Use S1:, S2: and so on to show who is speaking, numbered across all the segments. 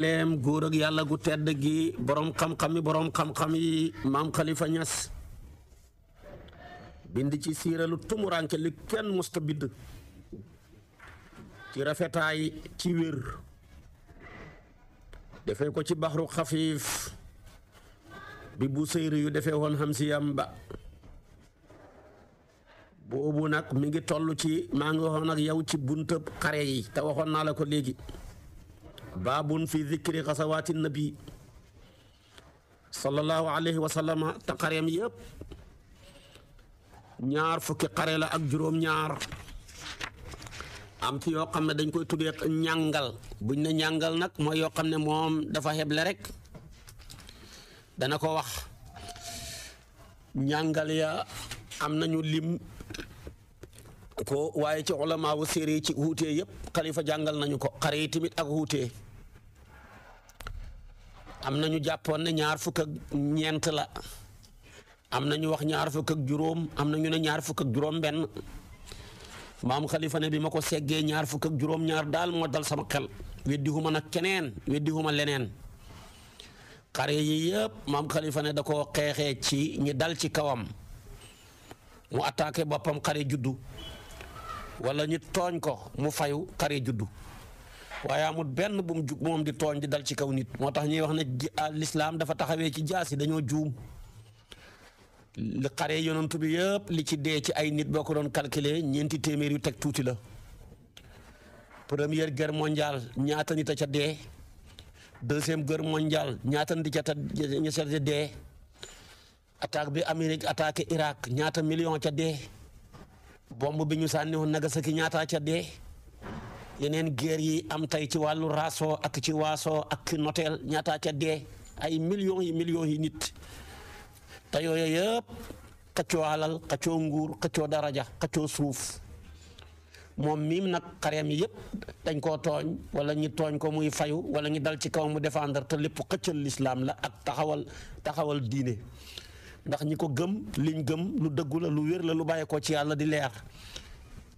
S1: leem góor ak yàlla gu tedd gi boroom xam-xam yi boroom xam yi maam Khalifa Niass bind ci siira lu li kenn musta bind ci rafetaay ci wér defee ko ci baxru xafiif bi bu sëyri yu defee woon xam ba boobu nag mi ngi toll ci maa ngi waxoon ak yow ci buntëb xare yi te waxoon naa la ko léegi baabun fi dikri xasawaati nabi sallallahu alayhi wa sallama te xareem ñaar fukki xare la ak juróom-ñaar am ci yoo xam ne dañ koy tuddee ñàngal buñ ne ñàngal nag mooy yoo xam ne moom dafa xeble rek dana ko wax ñàngal ya am nañu lim ko waaye ci ulama wu séeré ci wuute yépp xalifa jàngal nañu ko xare yi tamit ak wuute am nañu jàppoon ne ñaar fukk ak ñeent la am nañu wax ñaar fukk ak juróom am nañu maam xalifa ne bi ma ko seggee ñaar fukk ak juróom ñaar daal moo dal sama xel weddi huma nag keneen weddi huma leneen xare yi yëpp maam xalifa ne da xeexee ci ñi dal ci kawam mu attaqué boppam xare juddu wala ñu tooñ ko mu fayu xare juddu waaye amut benn bu mu jug moom di tooñ di dal ci kaw nit moo tax ñuy wax ne ah, lislaam dafa taxawee ci jaasi dañoo juum li xare yonantu bi yëpp li ci dee ci ay nit boo ko doon calculer ñeenti téeméer yu teg tuuti la première guerre mondiale ñaata nit a ca dee deuxième guerre mondiale ñaata nit ca ña ca dee attaque bi Amérique attaqué Irak ñaata million ca dee bomb bi ñu sànni woon Nagasaki ñaataa ca dee yeneen guerre yi am tey ci wàllu raasoo ak ci waasoo ak noteel ñaataa ca dee ay million yi million yi nit te yooyu yëpp alal xëccoo nguur xëccoo daraja xëccoo suuf moom miim nag xareem yëpp dañ koo tooñ wala ñi tooñ ko muy fayu wala ñi dal ci kaw mu défendre te lépp xëccal lislaam la ak taxawal taxawal diine ndax ñi ko gëm liñ gëm lu dëggu la lu wér la lu bàyyeekoo ci yàlla di leer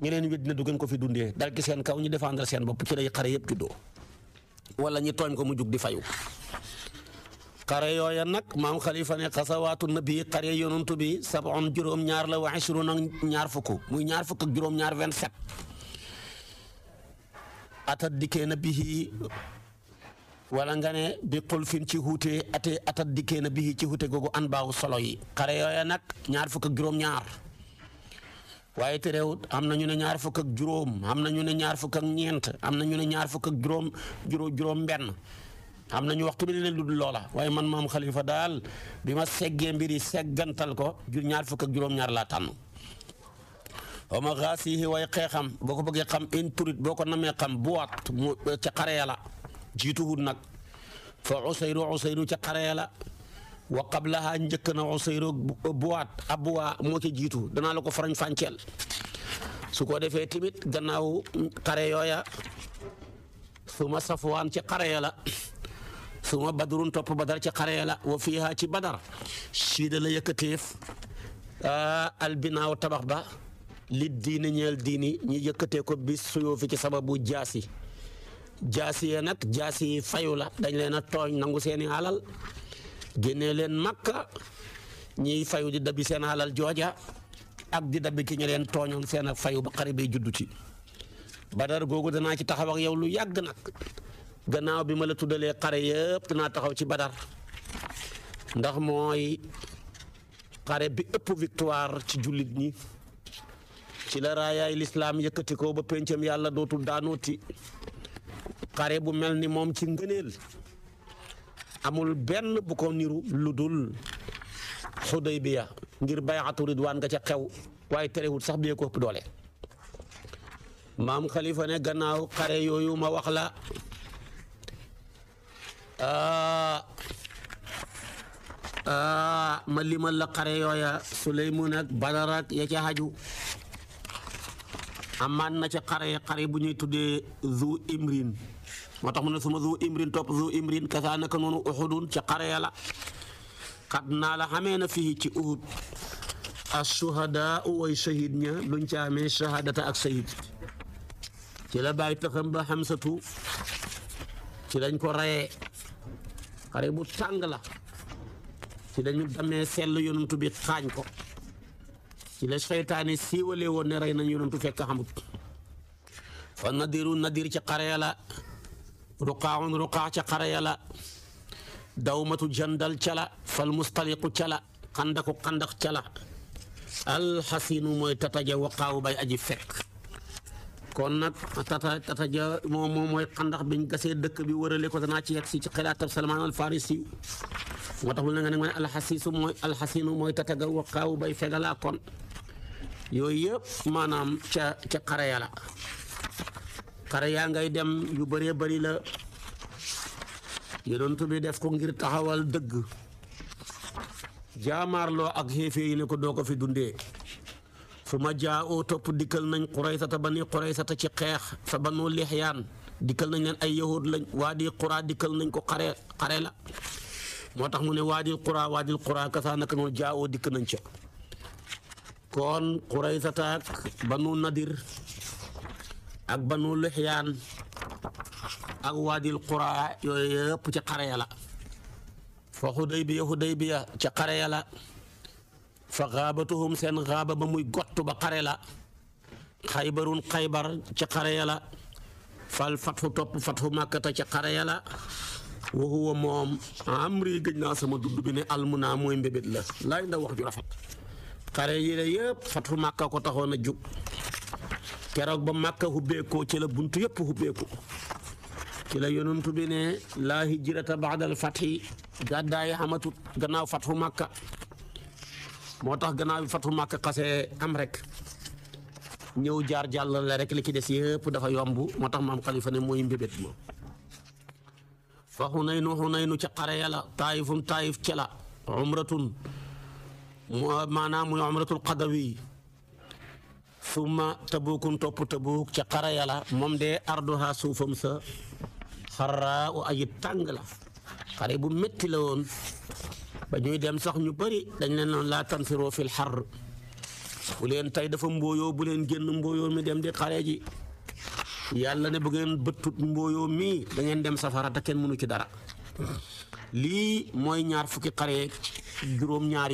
S1: ñeneen wet dina du ngeen ko fi dundee dal ci seen kaw ñu défendre seen bopp ci lay xare yëpp juddoo wala ñi tooñ ko mu jug di fayu xare yooya nag maam xalifa ne xasawaatu nabi xare yonantu bi sabon juróom-ñaar la wa ishrun ak ñaar fukk muy ñaar fukk ak juróom-ñaar vingt-sept atat dikkee na bihi wala ngane ne bi xulfin ci huute ate atat dikkee na bii ci huute googu an baawu solo yi xare yooya nag ñaar fukk ak juróom-ñaar waaye te réew am na ñu ne ñaar fukk ak juróom am na ne ñaar am na ñu ne ñaar fukk ak juróom juróom benn am na ñu waxtu bi leen dul loola waaye man maam xalifa daal bi ma seggee mbir yi seggantal ko jur ñaar fukk ak juróom-ñaar laa tànn wa ma xaasihi way xeexam boo ko bëggee xam in turit boo ko namee xam bu waat mu jiituwut nag fa Usayru Usayru ca xaree la wa qablaha njëkk na Usayru buwaat abuwaa moo ci jiitu danaa la ko farañ fànceel su ko defee tamit gannaaw xare su ma Safwaan ci xaree la su ma Badrun topp Badar ci xaree la wa fiiha ci Badar siida yëkkateef albinaaw tabax ba li diini ñeel diini ñi yëkkatee ko bis suyoo fi ci sababu jaasi jaasiye nag jaasi fayu la dañ leen a tooñ nangu seeni alal génne leen makka ñiy fayu di dabi seen alal jooja ak di dabi ki ñu leen tooñoon seen ak fayu ba xare bee juddu ci badar googu danaa ci taxaw ak yow lu yàgg nag gannaaw bi ma la tuddalee xare yëpp danaa taxaw ci badar ndax mooy xare bi ëpp victoire ci jullit ñi ci la raayaay lislaam yëkkati ko ba pencam yàlla dootul daanooti xare bu mel ni moom ci ngëneel amul benn bu ko niru lu dul Xudaybiya ngir bayatu ridwaan nga ca xew waaye terewul sax bee ko ëpp doole maam Khalifa ne gannaaw xare yooyu ma wax la ah, ah, ma limal la xare yooya Suleymun ak Badar ya ca xaju amaan na ca xare xare bu ñuy tuddee zu imrin moo tax mu ne suma zu imrin topp zu imrin kasaa naka noonu uxudun ca xare yàlla xat naa la xamee na fii ci uhud ashuhadaa way shahid ña luñ ca amee shahadata ak shahid ci la bàyyi taxam ba xamsatu ci lañ ko rayee xare bu tàng la ci lañu damee sell yonantu bi xaañ ko ci la seytaane siiwalee woon ne rey nañu yonantu fekk xamut fa nadiru nadir ca xare ya la ruqaaun ruqaa ca xare ya la dawmatu cala ca la fal mustaliqu ca la xandaku xandak ca la alxasinu mooy tataja waqaawu bay aji fekk kon nag tata tataja mooy xandax biñ gasee dëkk bi wërale ko danaa ci yegg si ci xilaatab Salmaan al Farisi moo tax kon yooyu yëpp maanaam ca ca xare ya la xare yaa ngay dem yu bëree bari la yonent bi def ko ngir taxawal dëgg loo ak xeefee yi ne ko doo ko fi dundee fu ma jaa oo topp dikkal nañ Quraysata bani Quraysata ci xeex fa banu Lixyaan dikkal nañ leen ay yahud lañ waadi Qura dikkal nañ ko xare xare la moo tax mu ne waadi Qura waadi Qura kasaa naka noonu jaa oo dikk nañ ca. kon Quraysata ak banu Nadir ak banu Lixyaan ak waadil Qura yooyu yëpp ci xare ya la fa Xudaybiya Xudaybiya ci xare ya seen xaaba ba muy gott ba kare la xaybarun xaybar ci xare ya la fal fatfu topp fatfu màkkata ci xare ya la wa huwa moom amri gëj naa sama dudd bi ne almu naa mooy mbébét la laay ndaw wax ju rafet xare yi la yëpp fatu màkka ko taxoon a jug keroog ba màkka hubbeekoo ci bunt yëpp hubbeeku ci la yonantu bi ne laa hijrata fat fathi gàddaayi amatut gannaaw fatu màkka moo tax gannaaw fat fatu màkka xasee am rek ñëw jaar jàllale rek li ci des yëpp dafa yomb moo tax maam xalifa ne mooy mbébét ma fa xunaynu xunaynu ca xare ya la taayifum taayif ca la umratun maanaam muy umratul qadawi summa tabukun topp tabuk ca xara moom de arduha suufam sa xarraa u aji tàng la xare bu métti la woon ba ñuy dem sax ñu bari dañ leen noon laa tansiroo fil bu leen tey dafa mbooyoo bu leen génn mbooyoo mi dem di xare ji yàlla ne bu ngeen bëttut mbooyoo mi dangeen dem safara te kenn mënu ci dara lii mooy ñaar fukki xare juróom ñaar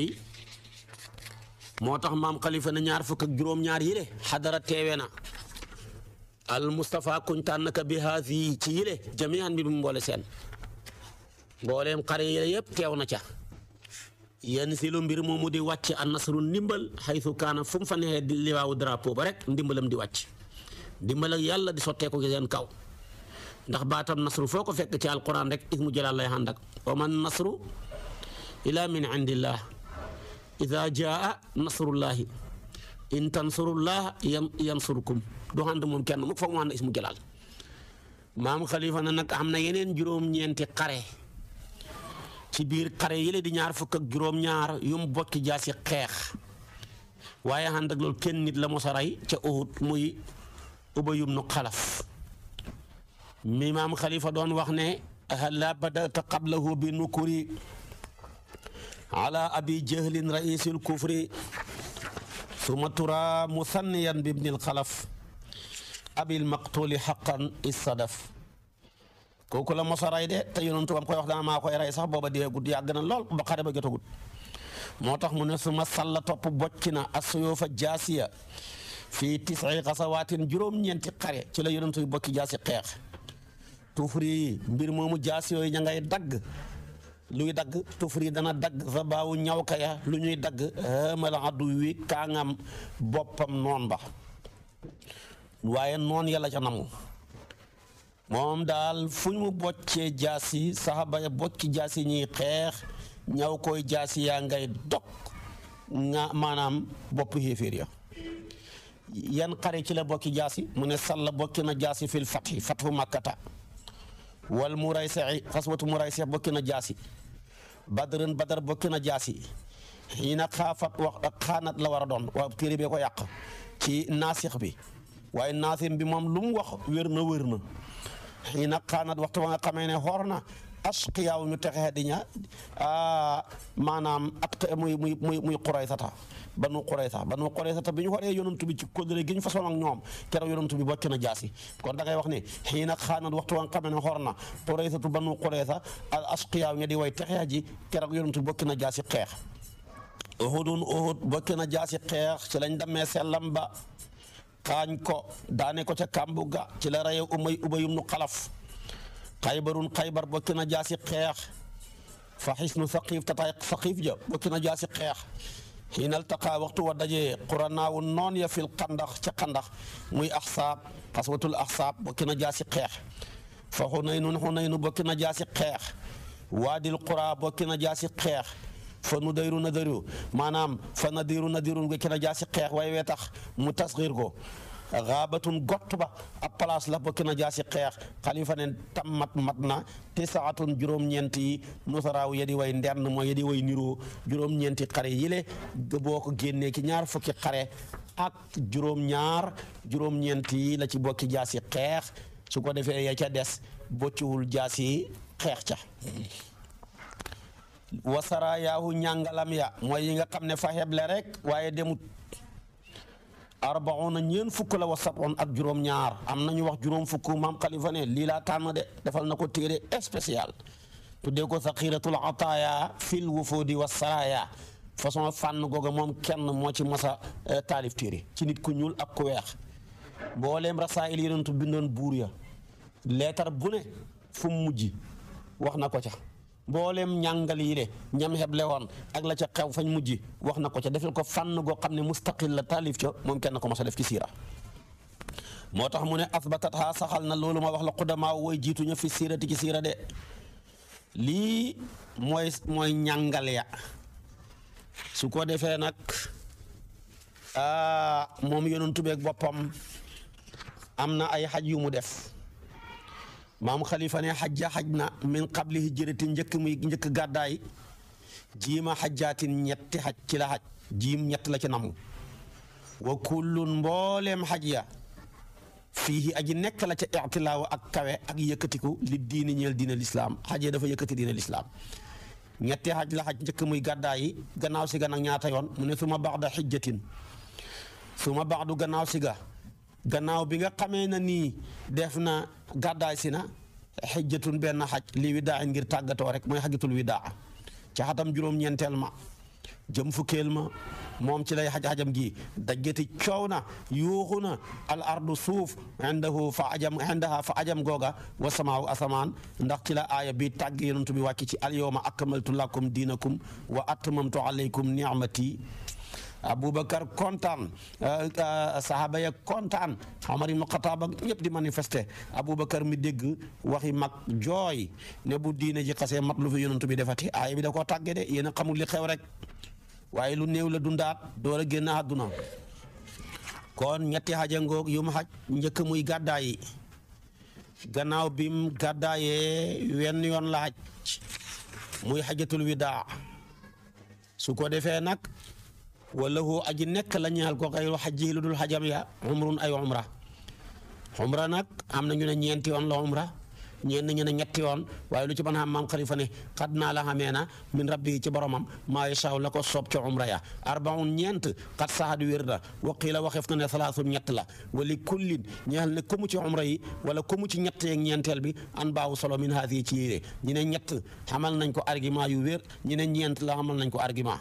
S1: moo tax maam kalifa ne ñaar fukk ak juróom-ñaar yi le xadara teewe na al Moustapha kuñ tànn ka bi haasi ci yile jamian bi mu mboole seen mbooleem xare yi yëpp teew na ca yenn si lu mbir moomu di wàcc an nasru ndimbal xaysu kaana fu mu fa di liwaawu drapeau ba rek ndimbalam di wàcc ndimbal ak yàlla di sotteeku ci seen kaw ndax baatam nasru foo ko fekk ci alquran rek ismu jalaal lay ànd nasru ila min indillah ida jaa nasrullahi in tansurullah yansurkum du ànd moom kenn mu foog mu ànd ismu jalaal maam xalifa na nag am na yeneen juróom-ñeenti xare ci biir xare yële di ñaar fukk ak juróom-ñaar yum bokki jaasi xeex waaye ànd ak loolu kenn nit la mos a rey ca Uhud muy Ubay ibn Xalaf mi maam xalifa doon wax ne hal la badata qablahu bi nukuri ala abi jahlin raisul kufri suma tura musanniyan bi ibnil xalaf abil maqtuli xaqan issadaf kooku la mosa rey de te yonentu bam koy wax dana maa koy rey sax booba deegut yàgg na lool ba xare ba jotagut moo tax mu ne suma salla topp bocc na asuyufa jaasiya fii tisi xasawaatin juróom-ñeenti xare ci la yonentu bokki jaasi xeex tufri mbir moomu jaasi yooyu ña ngay dagg luy dagg tufri dana dagg sa baawu ñawka ya lu ñuy dagg hëmal addu wi kaangam boppam noon ba waaye noon yàlla ca namu moom daal fu ñu boccee jaasi saxaba ya bocci jaasi ñuy xeex ñaw koy jaasi yaa ngay dog nga maanaam bopp xéeféer ya yan xare ci la bokki yi mu ne sàlla bokki na jaasi fil fati fatu makkata wal muray sexi xaswatu muray sex bokki na jaasi badrën badar bokki na jaasi xiina xaafat wax xaanat la war a doon waaw téere bee ko yàq ci naasix bi waaye naasix bi moom lu mu wax wér na wér na xiina xaanat a ba nga xamee ne xoor ashqiyaaw ñu texe di ña maanaam at muy muy muy muy Quraysata banu Quraysa banu Quraysa bi ñu xoree yonantu bi ci kóllëre gi ñu façon ak ñoom keroog yonantu bi bocc na jaasi kon da wax ne xii nag xaanat waxtu wa nga xamee ne xor na Quraysatu banu Quraysa al asqiyaaw ña di way texe ji keroog yonantu bi bocc na jaasi xeex uhudun uhud bocc na jaasi xeex ci lañ demee sellam ba xaañ ko daane ko ca kàmbu ga ci la reye umay ubayum nu xalaf xaybarun xaybar bokk na jaasi xeex fa xisnu saqiif tataay saqiif ja bokk na jaasi xeex xiinal taqaa waxtu wa dajee quranaawu noon ya fil xandax ca xandax muy axsaab xaswatul axsaab bokk na jaasi xeex fa xunaynun xunaynu bokk na jaasi xeex waadil quraa bokk na jaasi xeex fa nu dayru nadaru maanaam fa nadiru nadiru bokk na jaasi xeex waaye wee tax mu tasxiir ko xaabatun gott ba ab place la ba na jaasi xeex xalifa ne tammat mat na tisaatun juróom-ñeent yi nusaraaw yedi way ndern mooy yedi way niroo juróom-ñeenti xare yile boo ko génnee ñaar fukki xare ak juróom-ñaar juróom-ñeent la ci bokki jaasi xeex su ko defee ya ca des bocciwul jaasi xeex ca wasara yaahu ñàngalam ya mooy yi nga xam ne fa xeble rek waaye demut arbauna ñeen fukk la wa on ak juróom-ñaar am nañu wax juróom fukk maam xalifa lii laa tànn de defal na ko téere spécial tuddee ko saqiratul ataaya fil wufudi wa saraya façon fànn googa moom kenn moo ci masa eh, taalif téere ci nit ku ñuul ak ku weex mbooleem rasaayil yonentu bindoon buur ya leetar bu ne fum mu mujj wax na ko ca mbooleem ñàngal yi de ñam heble woon ak la ca xew fañ mujj wax na ko ca defal ko fànn goo xam ne mustaqil la taalif ca moom kenn ko mos a def ci siira moo tax mu ne asbatatha saxal na loolu ma wax la xudamaa jiitu jiituñu fi siirati ci siira de lii mooy mooy ñàngal ya su ko defee nag moom yonent bi boppam am na ay xaj yu mu def maam xalifa ne xaj na min qabli hijrati njëkk muy njëkk gàddaay jiima xajjaatin ñetti xaj ci la xaj jiim ñett la ci namu wa kullun mbooleem xaj ya fii aji nekk la ca ixtilaaw ak kawe ak yëkkatiku li diini ñeel diina lislaam xaj dafa yëkkati diina lislaam ñetti xaj la xaj njëkk muy gàddaay gannaaw si ga nag ñaata yoon mu ne suma baxda xijjatin suma du gannaaw si ga gannaaw bi nga xamee na nii def na gàddaay si na xijjatun benn xaj li widaa ngir tàggatoo rek mooy xajatul widaa ci xatam juróom-ñeenteel ma jëm fukkeel ma moom ci lay xaj-xajam gi dajjati coow na yuuxu na al ardu suuf indahu fa ajam fa ajam googa wa samaaw asamaan ndax ci la aaya bi tàgg yonent bi wàcc ci al yawma akmaltu lakum diinakum wa atmamtu alaykum ni'mati Aboubacar kontaan euh, euh, sahaba ya kontaan Omar ibn Khattab ak ñëpp di manifester Aboubacar mi dégg waxi mag jooy ne bu diine ji xasee mat lu fi yonantu bi defati aaya bi da koo tàggee de yéen a xamul li xew rek waaye lu néew la dundaat door a génn àdduna kon ñetti xajangoog yu mu xaj njëkk muy gàddaa gannaaw bim gàddaayee wenn yoon la xaj muy xajatul widaa su ko defee nag wala hoo aji nekk la ñaal ko xayru xajji lu dul xajam ya umrun ay umra umra nag am na ne ñeenti yoon la umra ñeen ñu ne ñetti yoon waaye lu ci mën a am maam xalifa ne xad naa la xamee na min rabbi ci boromam maa yasaaw la ko soob ci umra ya arbaun ñeent xat saxad wér la waxeef na ne la wali kullin ñeexal ne umra yi wala kumu ci ñett yeeg ñeenteel bi an baawu solo min haas ci yére ñu ne ñett xamal nañ ko argument yu wér ñu ne ñeent la xamal nañ ko argument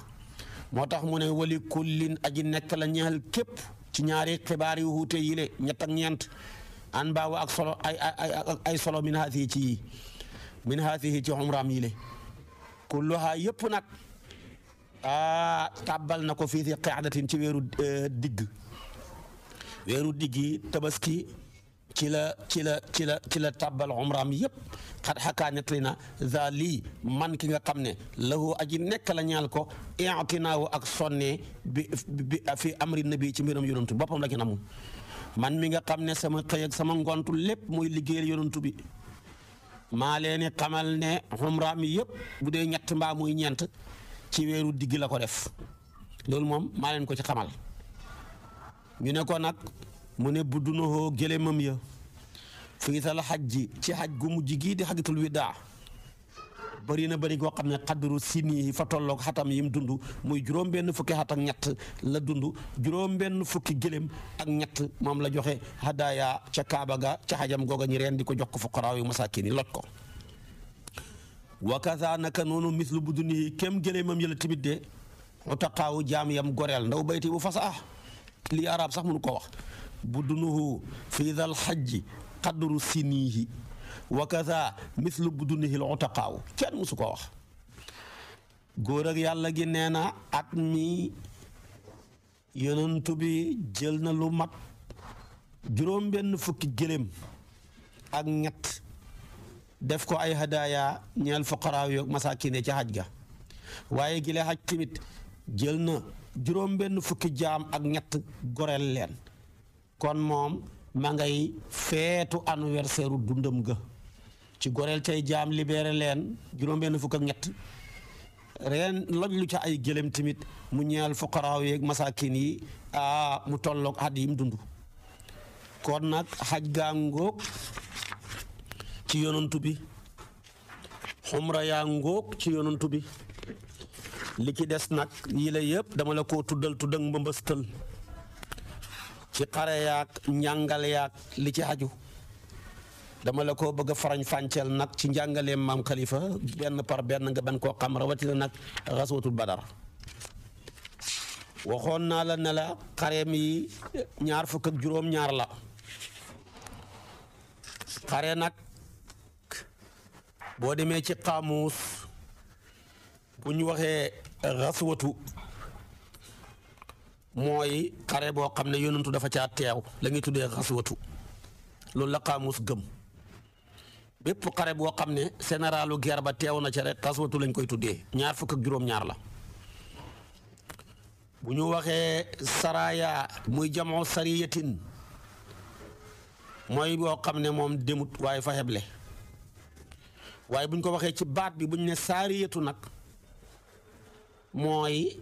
S1: moo tax mu ne wali kullin aji nekk la ñeel képp ci ñaari xibaar yu wuute yi le ñett ak ñeent an baawu ak solo ay solo min haasihi ci yi min haasihi ci xumraam yi le kulluha yëpp nag ah tàbbal na ko fii si qiidatin ci weeru euh, digg weeru digg tabaski ci la ci la ci la ci la tàbbal umraam yëpp xat xakaa nettali na za lii man ki nga xam ne lahu aji nekk la ñaal ko intinaawu ak sonnee bi bi fi amri nabi ci mbiram yonantu bi boppam la ci namul man mi nga xam ne sama xëy sama ngontu lépp mooy liggéeyal yonantu bi maa leen xamal ne umraam yëpp bu dee ñett mbaa muy ñeent ci weeru digg la ko def loolu moom maa leen ko ci xamal ñu ne ko nag mu ne bu dunoo gëléemam ya fii tal ji ci xaj gu mujj gii di xajjatul widaa bëri na bëri goo xam ne xadru sini fa tolloog xatam yim dund muy juróom-benn fukki xat ñett la dund juróom-benn fukki gëléem ak ñett moom la joxe xadaaya ca Kaaba ga ca xajam googa ñi reen di ko jox ko fuqaraaw yu masaakin yi lot ko. wa kaza naka noonu mislu bu duni kem gëléemam yële tamit de utaqaawu jaam yam goreel ndaw bayti bu fasax li arab sax mënu ko wax. budunuhu fi dal xajji qadru siniihi wa kaza mislu budunihi lutaqaaw kenn musu ko wax góor ak yàlla gi nee na at mi yonentu bi jël na lu mag juróom benn fukki gëléem ak ñett def ko ay hadaaya ñeel foqaraaw yoog masaakiine ci xaj ga waaye gi xaj tamit jël na juróom benn fukki jaam ak ñett goreel leen kon moom maa ngay feetu anniversaire u dundam ga ci goreel tey jaam libéré leen juróom-benn fukk ak ñett reen loj ca ay gëlëm tamit mu ñeel fuqaraaw yeeg masaakin yi a mu tolloog at yim dund kon nag xaj gaangóog ci yonantu bi xumra yaa ngóog ci yonantu bi li ci des nag yi la yëpp dama la koo tuddal tuddang mbëmbëstal ci xare yaag njàngal yaag li ci xaju dama la ko bëgg a farañ fànceel nag ci njàngaleem maam Khalifa benn par benn nga ban koo xam rawatina nag xaswatul badar waxoon naa la ne la xareem ñaar fukk ak juróom-ñaar la xare nag boo demee ci xaamuus bu ñu waxee xaswatu mooy xare boo xam ne yoonutu dafa caa teew la ñuy tuddee xaswatu loolu la xaamus gëm bépp xare boo xam ne généralu guerre ba teew na ca rek xaswatu lañ koy tuddee ñaar fukk ak juróom-ñaar la bu ñu waxee saraya muy jamoo sariyatin mooy boo xam ne moom demut waaye fa xeble waaye buñ ko waxee ci baat bi buñ ne saariyatu nag mooy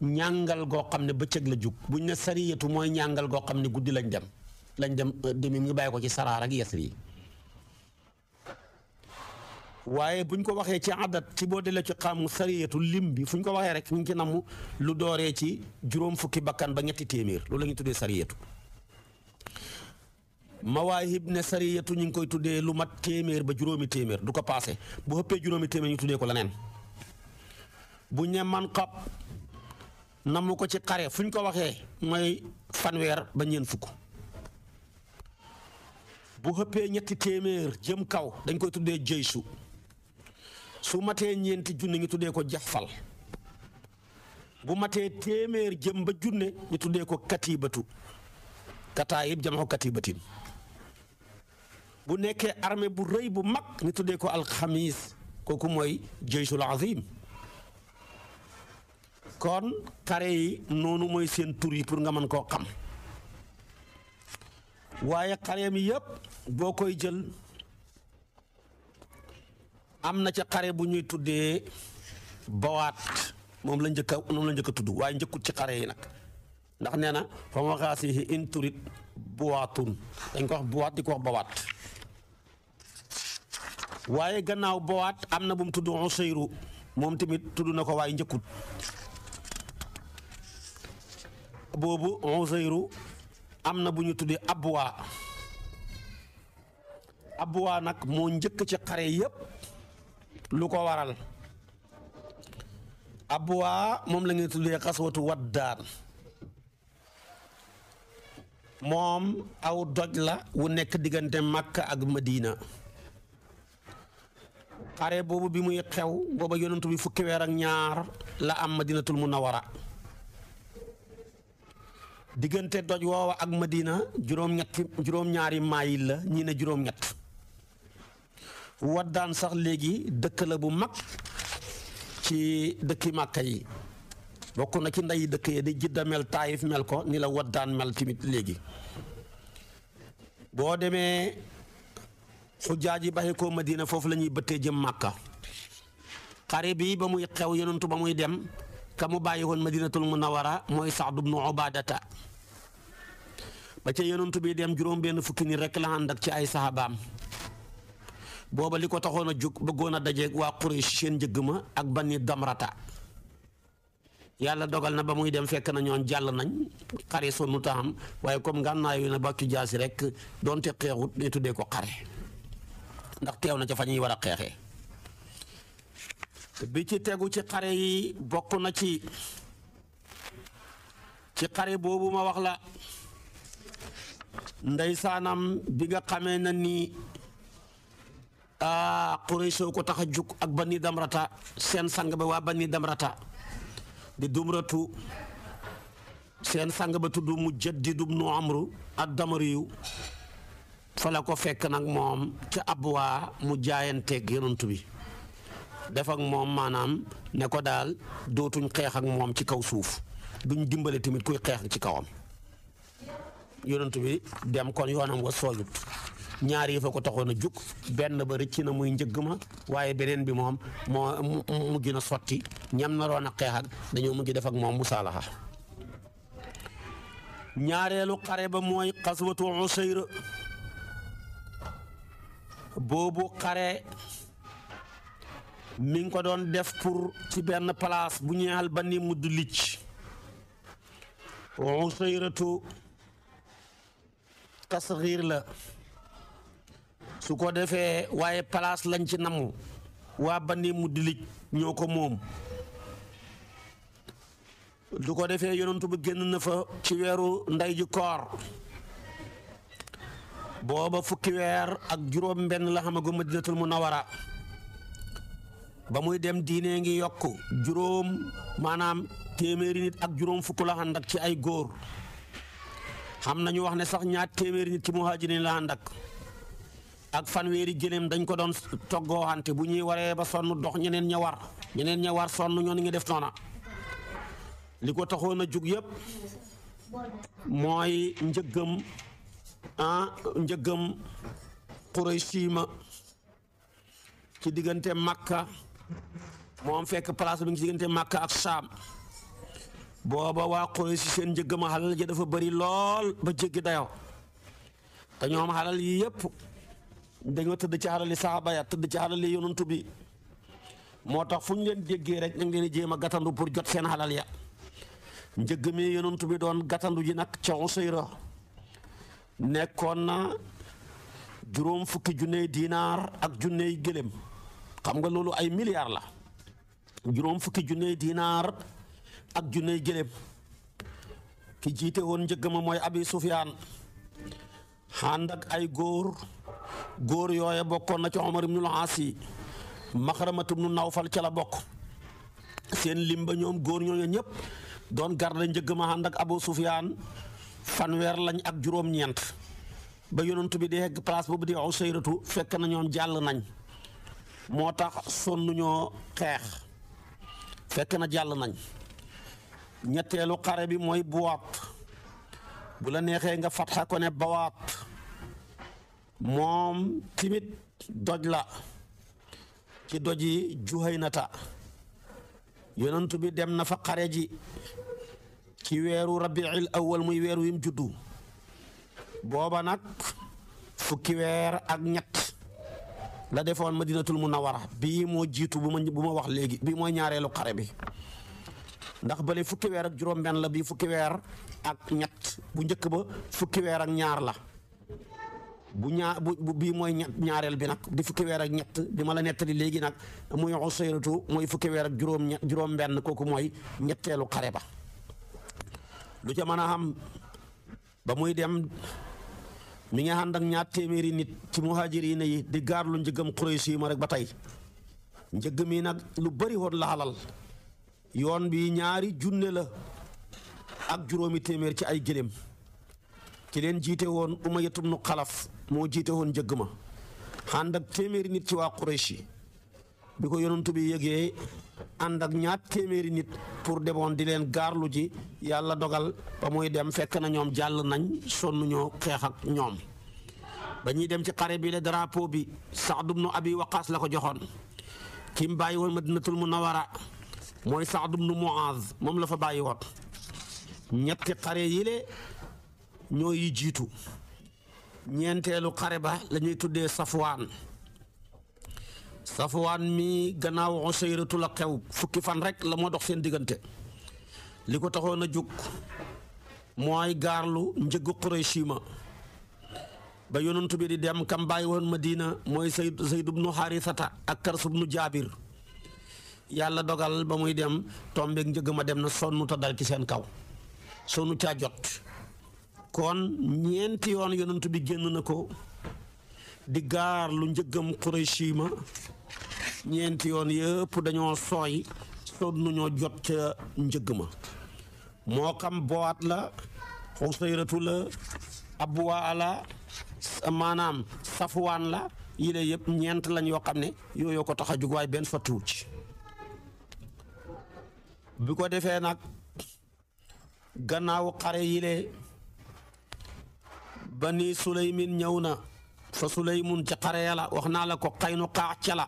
S1: ñàngal goo xam ne ba cëg la jug buñ ne sariyeetu mooy ñàngal goo xam ne guddi lañ dem lañ dem euh, demim ngi bàyyi ko ci saraar ak yasri yi waaye buñ ko waxee ci adat ci boo delloo ci xaamu sariyatu lim bi fuñ ko waxee rek ñu ngi ci namu lu dooree ci juróom fukki bakkan ba ñetti téeméer lañuy tuddee ñuy tuddee sariyatu mawaahib ne sariyatu ñu ngi koy tuddee lu mat téeméer ba juróomi téeméer du ko paase bu ëppee juróomi téeméer ñu tuddee ko leneen bu ñeman xab namu ko ci xare fu ñu ko waxee mooy fanweer ba ñeen fukk bu xëppee ñetti téeméer jëm kaw dañ koy tuddee jëysu su matee ñeenti junne ñu tuddee ko jaxfal bu matee téeméer jëm ba junne ñu tuddee ko katibatu kataayib jamaxu katibatin bu nekkee armée bu rëy bu mag ñu tuddee ko alxamis kooku mooy jëysul azim kon carré yi noonu mooy seen tur yi pour nga mën koo xam waaye carré mi yépp boo koy jël am na ca xare bu ñuy tuddee bawaat moom la njëkk moom la njëkka a tudd waaye njëkkut ci carré yi nag ndax nee na fa ma xaasihi in turit buwaatun dañ ko wax di ko wax bawaat waaye gannaaw bawaat am na bum mu tudd Usayru moom tamit tudd na ko waaye njëkkut boobu Uzayru am na bu ñu tuddee abwaa abwaa nag moo njëkk ci xare yépp lu ko waral abwaa moom la ñuy tuddee xaswatu waddaan moom aw doj la wu nekk diggante Makka ak Madina xare boobu bi muy xew booba yonentu bi fukki ak ñaar la am Madinatul a Munawara diggante doj woowa ak Madina juróom-ñetti juróom-ñaari maayil la ñii ne juróom-ñett waddaan sax léegi dëkk la bu mag ci dëkki màkka yi bokk na ci ndey dëkk yi di jidda mel taayif mel ko ni la waddaan mel tamit léegi boo demee xujjaaj yi baxee ko Madina foofu lañuy ñuy bëttee jëm màkka xare bi ba muy xew yonentu ba muy dem ka mu bàyyi woon madinatul munawara mooy Saad ibnu Ubaadata ba ca yonent bi dem juróom-benn fukki ni rek la ànd ak ci ay sahabaam booba li ko taxoon a jóg bëggoon a dajeeg waa Quraysh seen njëgg ma ak bani damrata yàlla dogal na ba muy dem fekk na jàll nañ xare sonu taxam waaye comme ngànnaayu na bàkki jaasi rek doonte xeexut ne tuddee ko xare ndax teew na ca fa ñuy war a xeexee bi ci tegu ci xare yi bokk na ci ci xare boobu ma wax la ndeysaanam bi nga xamee na ni a Quraysh ko tax a jug ak Bani Damrata seen sang ba waa Bani Damrata di dumratu seen sang ba tudd Mujaddid ibnu Amru ad-Damriyu fa fala ko fekk nag moom ca Abwa mu jaayanteeg yonent bi def ak moom maanaam ne ko daal dootuñ xeexak moom ci kaw suuf duñ dimbale tamit kuy xeex ci kawam yonent bi dem kon yoonam wa sooyut ñaar fa ko taxoon a jug benn ba rëcc na muy njëgg ma waaye beneen bi moom moo mujj na sotti ñam naroon a xeex ak dañoo mujj def ak moom musaalaxa ñaareelu xare ba mooy xaswatu Usayr boobu xare mi ngi ko doon def pour ci benn palaas bu ñuy albani mudd licc usayratu tasxiir la su ko defee waaye palaas lañ ci namu waa bani mudd licc ñoo ko moom du ko defee yonentu bu génn na fa ci weeru ndey ji koor booba fukki weer ak juróom benn la xamagu madinatul munawara ba muy dem diine ngi yokk juróom maanaam téeméeri nit ak juróom fukk la ànd ak ci ay góor xam nañu wax ne sax ñaar téeméeri nit ci muhajirin la ànd ak ak fanweeri jëleem dañ ko doon toggooxante bu ñuy waree ba sonn dox ñeneen ña war ñeneen ña war sonn ñoo ngi def noona li ko taxoon a jug yëpp mooy njëggam ah njëggam Quraysh ma ci diggante Makka moom fekk place bi ngi ci diggante ak Saam booba waa Quraysh seen njëgg xalal ja dafa bari lool ba jéggi dayo te ñoom xalal yi yëpp dañoo tëdd ci xalali saaba ya tëdd ci xalali yonantu bi moo tax fu ñu leen jéggee rek ñu ngi leen jéem a gàttandu pour jot seen xalal ya njëgg mi yonantu bi doon gàttandu ji nag ca Usayra nekkoon na juróom fukki junney diinaar ak junney gëléem xam nga loolu ay milliards la juróom fukki junne dinaar ak junne gëléb ki jiite woon njëgg ma mooy abi sufyaan ànd ak ay góor góor yooye bokkoon na ci omar ibnul aasi maxramatu ibnu nawfal ca la bokk seen limba ñoom góor ñooñu ñëpp doon garde njëgg ma ànd ak abu sufyaan fanweer lañ ak juróom-ñeent ba yonent bi di hegg place boobu di usayratu fekk na ñoom jàll nañ moo tax sonnuñoo xeex fekk na jàll nañ ñetteelu xare bi mooy buwaat bu la neexee nga fatxa ko bawaat moom timit doj la ci doj yi Juhaynata yonentu bi dem na fa xare ji ci weeru rabiil awal muy weer wim juddu booba nag fukki weer ak ñett la defoon madinatul munawara bii moo jiitu bu ma bu ma wax léegi bii mooy ñaareelu xare bi ndax bële fukki weer ak juróom-benn la bii fukki weer ak ñett bu njëkk ba fukki weer ak ñaar la bu ñaar bu bii mooy ñaareel bi nag di fukki weer ak ñett bi ma la nettali léegi nag muy Usayratu mooy fukki weer ak juróom ñett kooku mooy ñetteelu kare ba lu ca mën ba muy dem mi nga ànd ak ñaar téeméeri nit ci muhaajiriina yi di gaarlu njëgam Quraysh yi ma rek ba tey njëg mi nag lu bari woon la alal yoon bi ñaari junne la ak juróomi téeméer ci ay gëléem ci leen jiite woon Umayyatu bnu Xalaf moo jiite woon njëg ma ànd téeméeri nit ci waa Quraysh yi bi ko yonantu bi yëgee ànd ak ñaar téeméeri nit pour demoon di leen gaarlu ji yàlla dogal ba muy dem fekk na ñoom jàll nañ sonn ñoo xeex ñoom ba ñuy dem ci xare bii le drapeau bi Saad ibnu Abi Waqaas la ko joxoon ki mu bàyyi woon Madinatul Munawara mooy Saad ibnu Muaaz moom la fa bàyyi woon ñetti xare yi le ñoo yi jiitu ñeenteelu xare ba la ñuy tuddee Safwaan safwaan mi gannaaw Usayratu la xew fukki fan rek la moo dox seen diggante li ko taxoon a jóg mooy gaarlu njëggu Qurayshi ma ba yonantu bi di dem kam bàyyi ma diina mooy Zayd Zayd ibnu Haarisata ak Kars ibnu Jaabir yàlla dogal ba muy dem tombeeg njëgg ma dem na sonnu ta dal ci seen kaw sonnu caa jot kon ñeenti yoon yonantu bi génn na ko di gaar lu njëggam Qurayshi ma ñeenti yoon yëpp dañoo sooy sonn ñoo jot ca njëg ma moo kam bowaat la xusayratu la abwaa la maanaam safuwaan la yile yëpp ñeent lañ yoo xam ne yooyu ko tax a jug benn fa ci bi ko defee nag gannaaw xare yile bani suleymin ñëw na fa suleymun ca xare yàlla wax naa la ko xaynu xaax ca la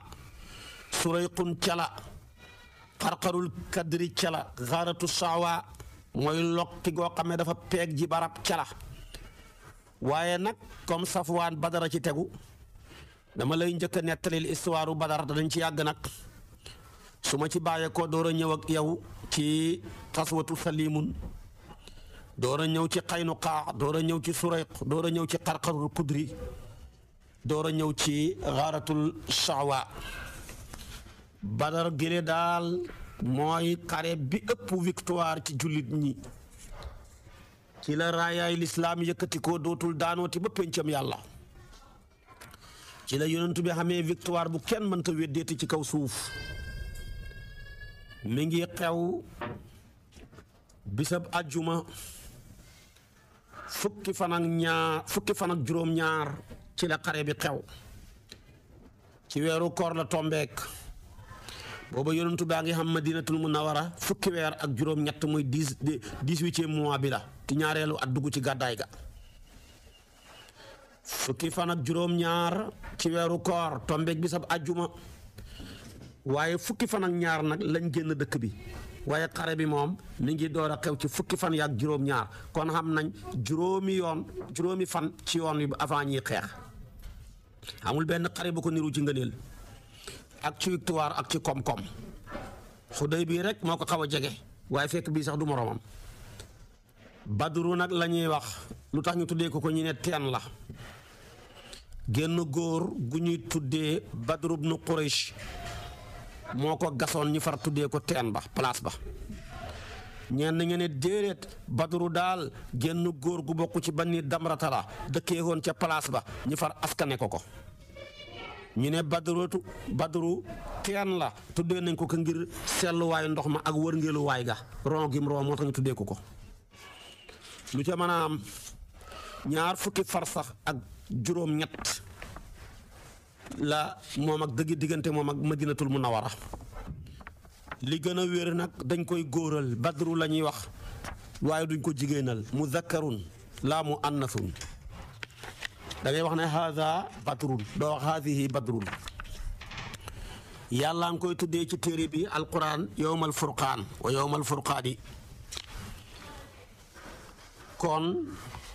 S1: surayqun cala xarxarul kadri cala xaaratu sawa mooy lokki goo xam ne dafa peeg ji barab cala waaye nag comme safwaan badara ci tegu dama lay njëkk a nettalil histoire badar danañ ci àgg nag su ma ci bàyyeekoo door a ñëw ak yow ci xaswatu salimun door a ñëw ci xaynuqaa door a ñëw ci surayq door a ñëw ci xarxarul kudri door a ñëw ci xaaratul sawa badar gile daal mooy xare bi ëpp victoire ci jullit ñi ci la raayaay lislaam yëkkatikoo dootul daanooti ba péncam yàlla ci la yonentu bi xamee victoire bu kenn mënta weddeeti ci kaw suuf mi ngi xew bisab ajjuma fukki fan ak ñaar fukki juróom-ñaar ci la xare bi xew ci weeru koor la tombeek booba yonentu baa ngi xam ma madinatul munawara fukki weer ak juróom-ñett muy dix dix-huitième mois bi la ci ñaareelu at dugg ci gàddaay ga fukki fan ak juróom-ñaar ci weeru koor tombeeg bi sab ajjuma waaye fukki fan ak ñaar nag lañ génn dëkk bi waaye xare bi moom mi ngi door a xew ci fukki fan yaak juróom-ñaar kon xam nañ juróomi yoon juróomi fan ci yoon wi avant ñuy xeex amul benn xare bu ko niru ci ngëneel ak ci victoire ak ci koom-koom xuday bii rek moo ko xaw a jege waaye fekk bii sax du moroomam badru nag lañuy wax lu tax ñu tuddee ko ko ñu ne teen la génn góor gu ñuy tuddee badru nu quraysh moo ko gasoon ñu far tuddee ko teen ba palaas ba ñenn ñe ne déedéet badru daal génn góor gu bokk ci banni damratala dëkkee woon ca palaas ba ñu far askane ko ko ñu ne badrutu badru teen la tuddee nañ ko ko ngir seeluwaayu ndox ma ak wërngeelu waay ga ron gim ron moo tax ñu tuddee ko ko lu ca mën a am ñaar fukki farsax ak juróom-ñett la moom ak dëgg diggante moom ak madinatul munawara li gën a wér nag dañ koy góoral badru la ñuy wax waaye duñ ko jigéenal muzakkarun laa mu annasun da wax ne haza badrun doo wax hazihi badrun ngi koy tuddee ci téere bi alquran yowmal furqaan wa yowmal furqaani kon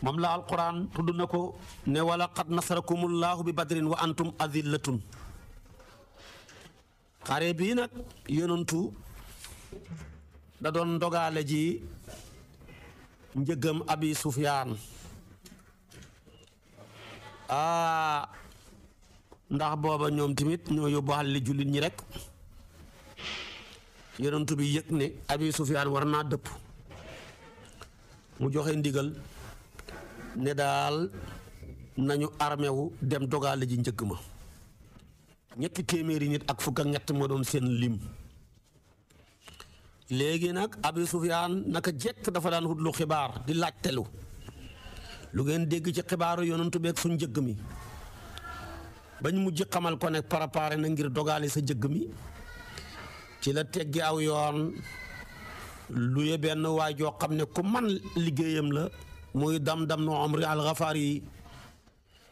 S1: moom la alquran tudd na ko ne wala qad nasarakumullahu bi badrin wa antum azillatun xare bii nag yonantu da doon ndogaale ji njëgam abi sufyaan ah ndax booba ñoom tamit ñoo yóbbuwaal li jullit ñi rek yonentu bi yëg ne abi war naa dëpp mu joxe ndigal ne daal nañu armé dem dogale ji njëgg ma ñetti téeméeri nit ak fukk ak moo doon seen lim léegi nag abi naka jekk dafa daan wut xibaar di laajtelu lu ngeen dégg ci xibaaru yonantu beeg suñ njëgg mi bañ mujj xamal ko ne préparé na ngir dogale sa njëgg mi ci la teggi aw yoon lu ye benn waay joo xam ne ku man liggéeyam la muy dam dam no omri alxafaar yi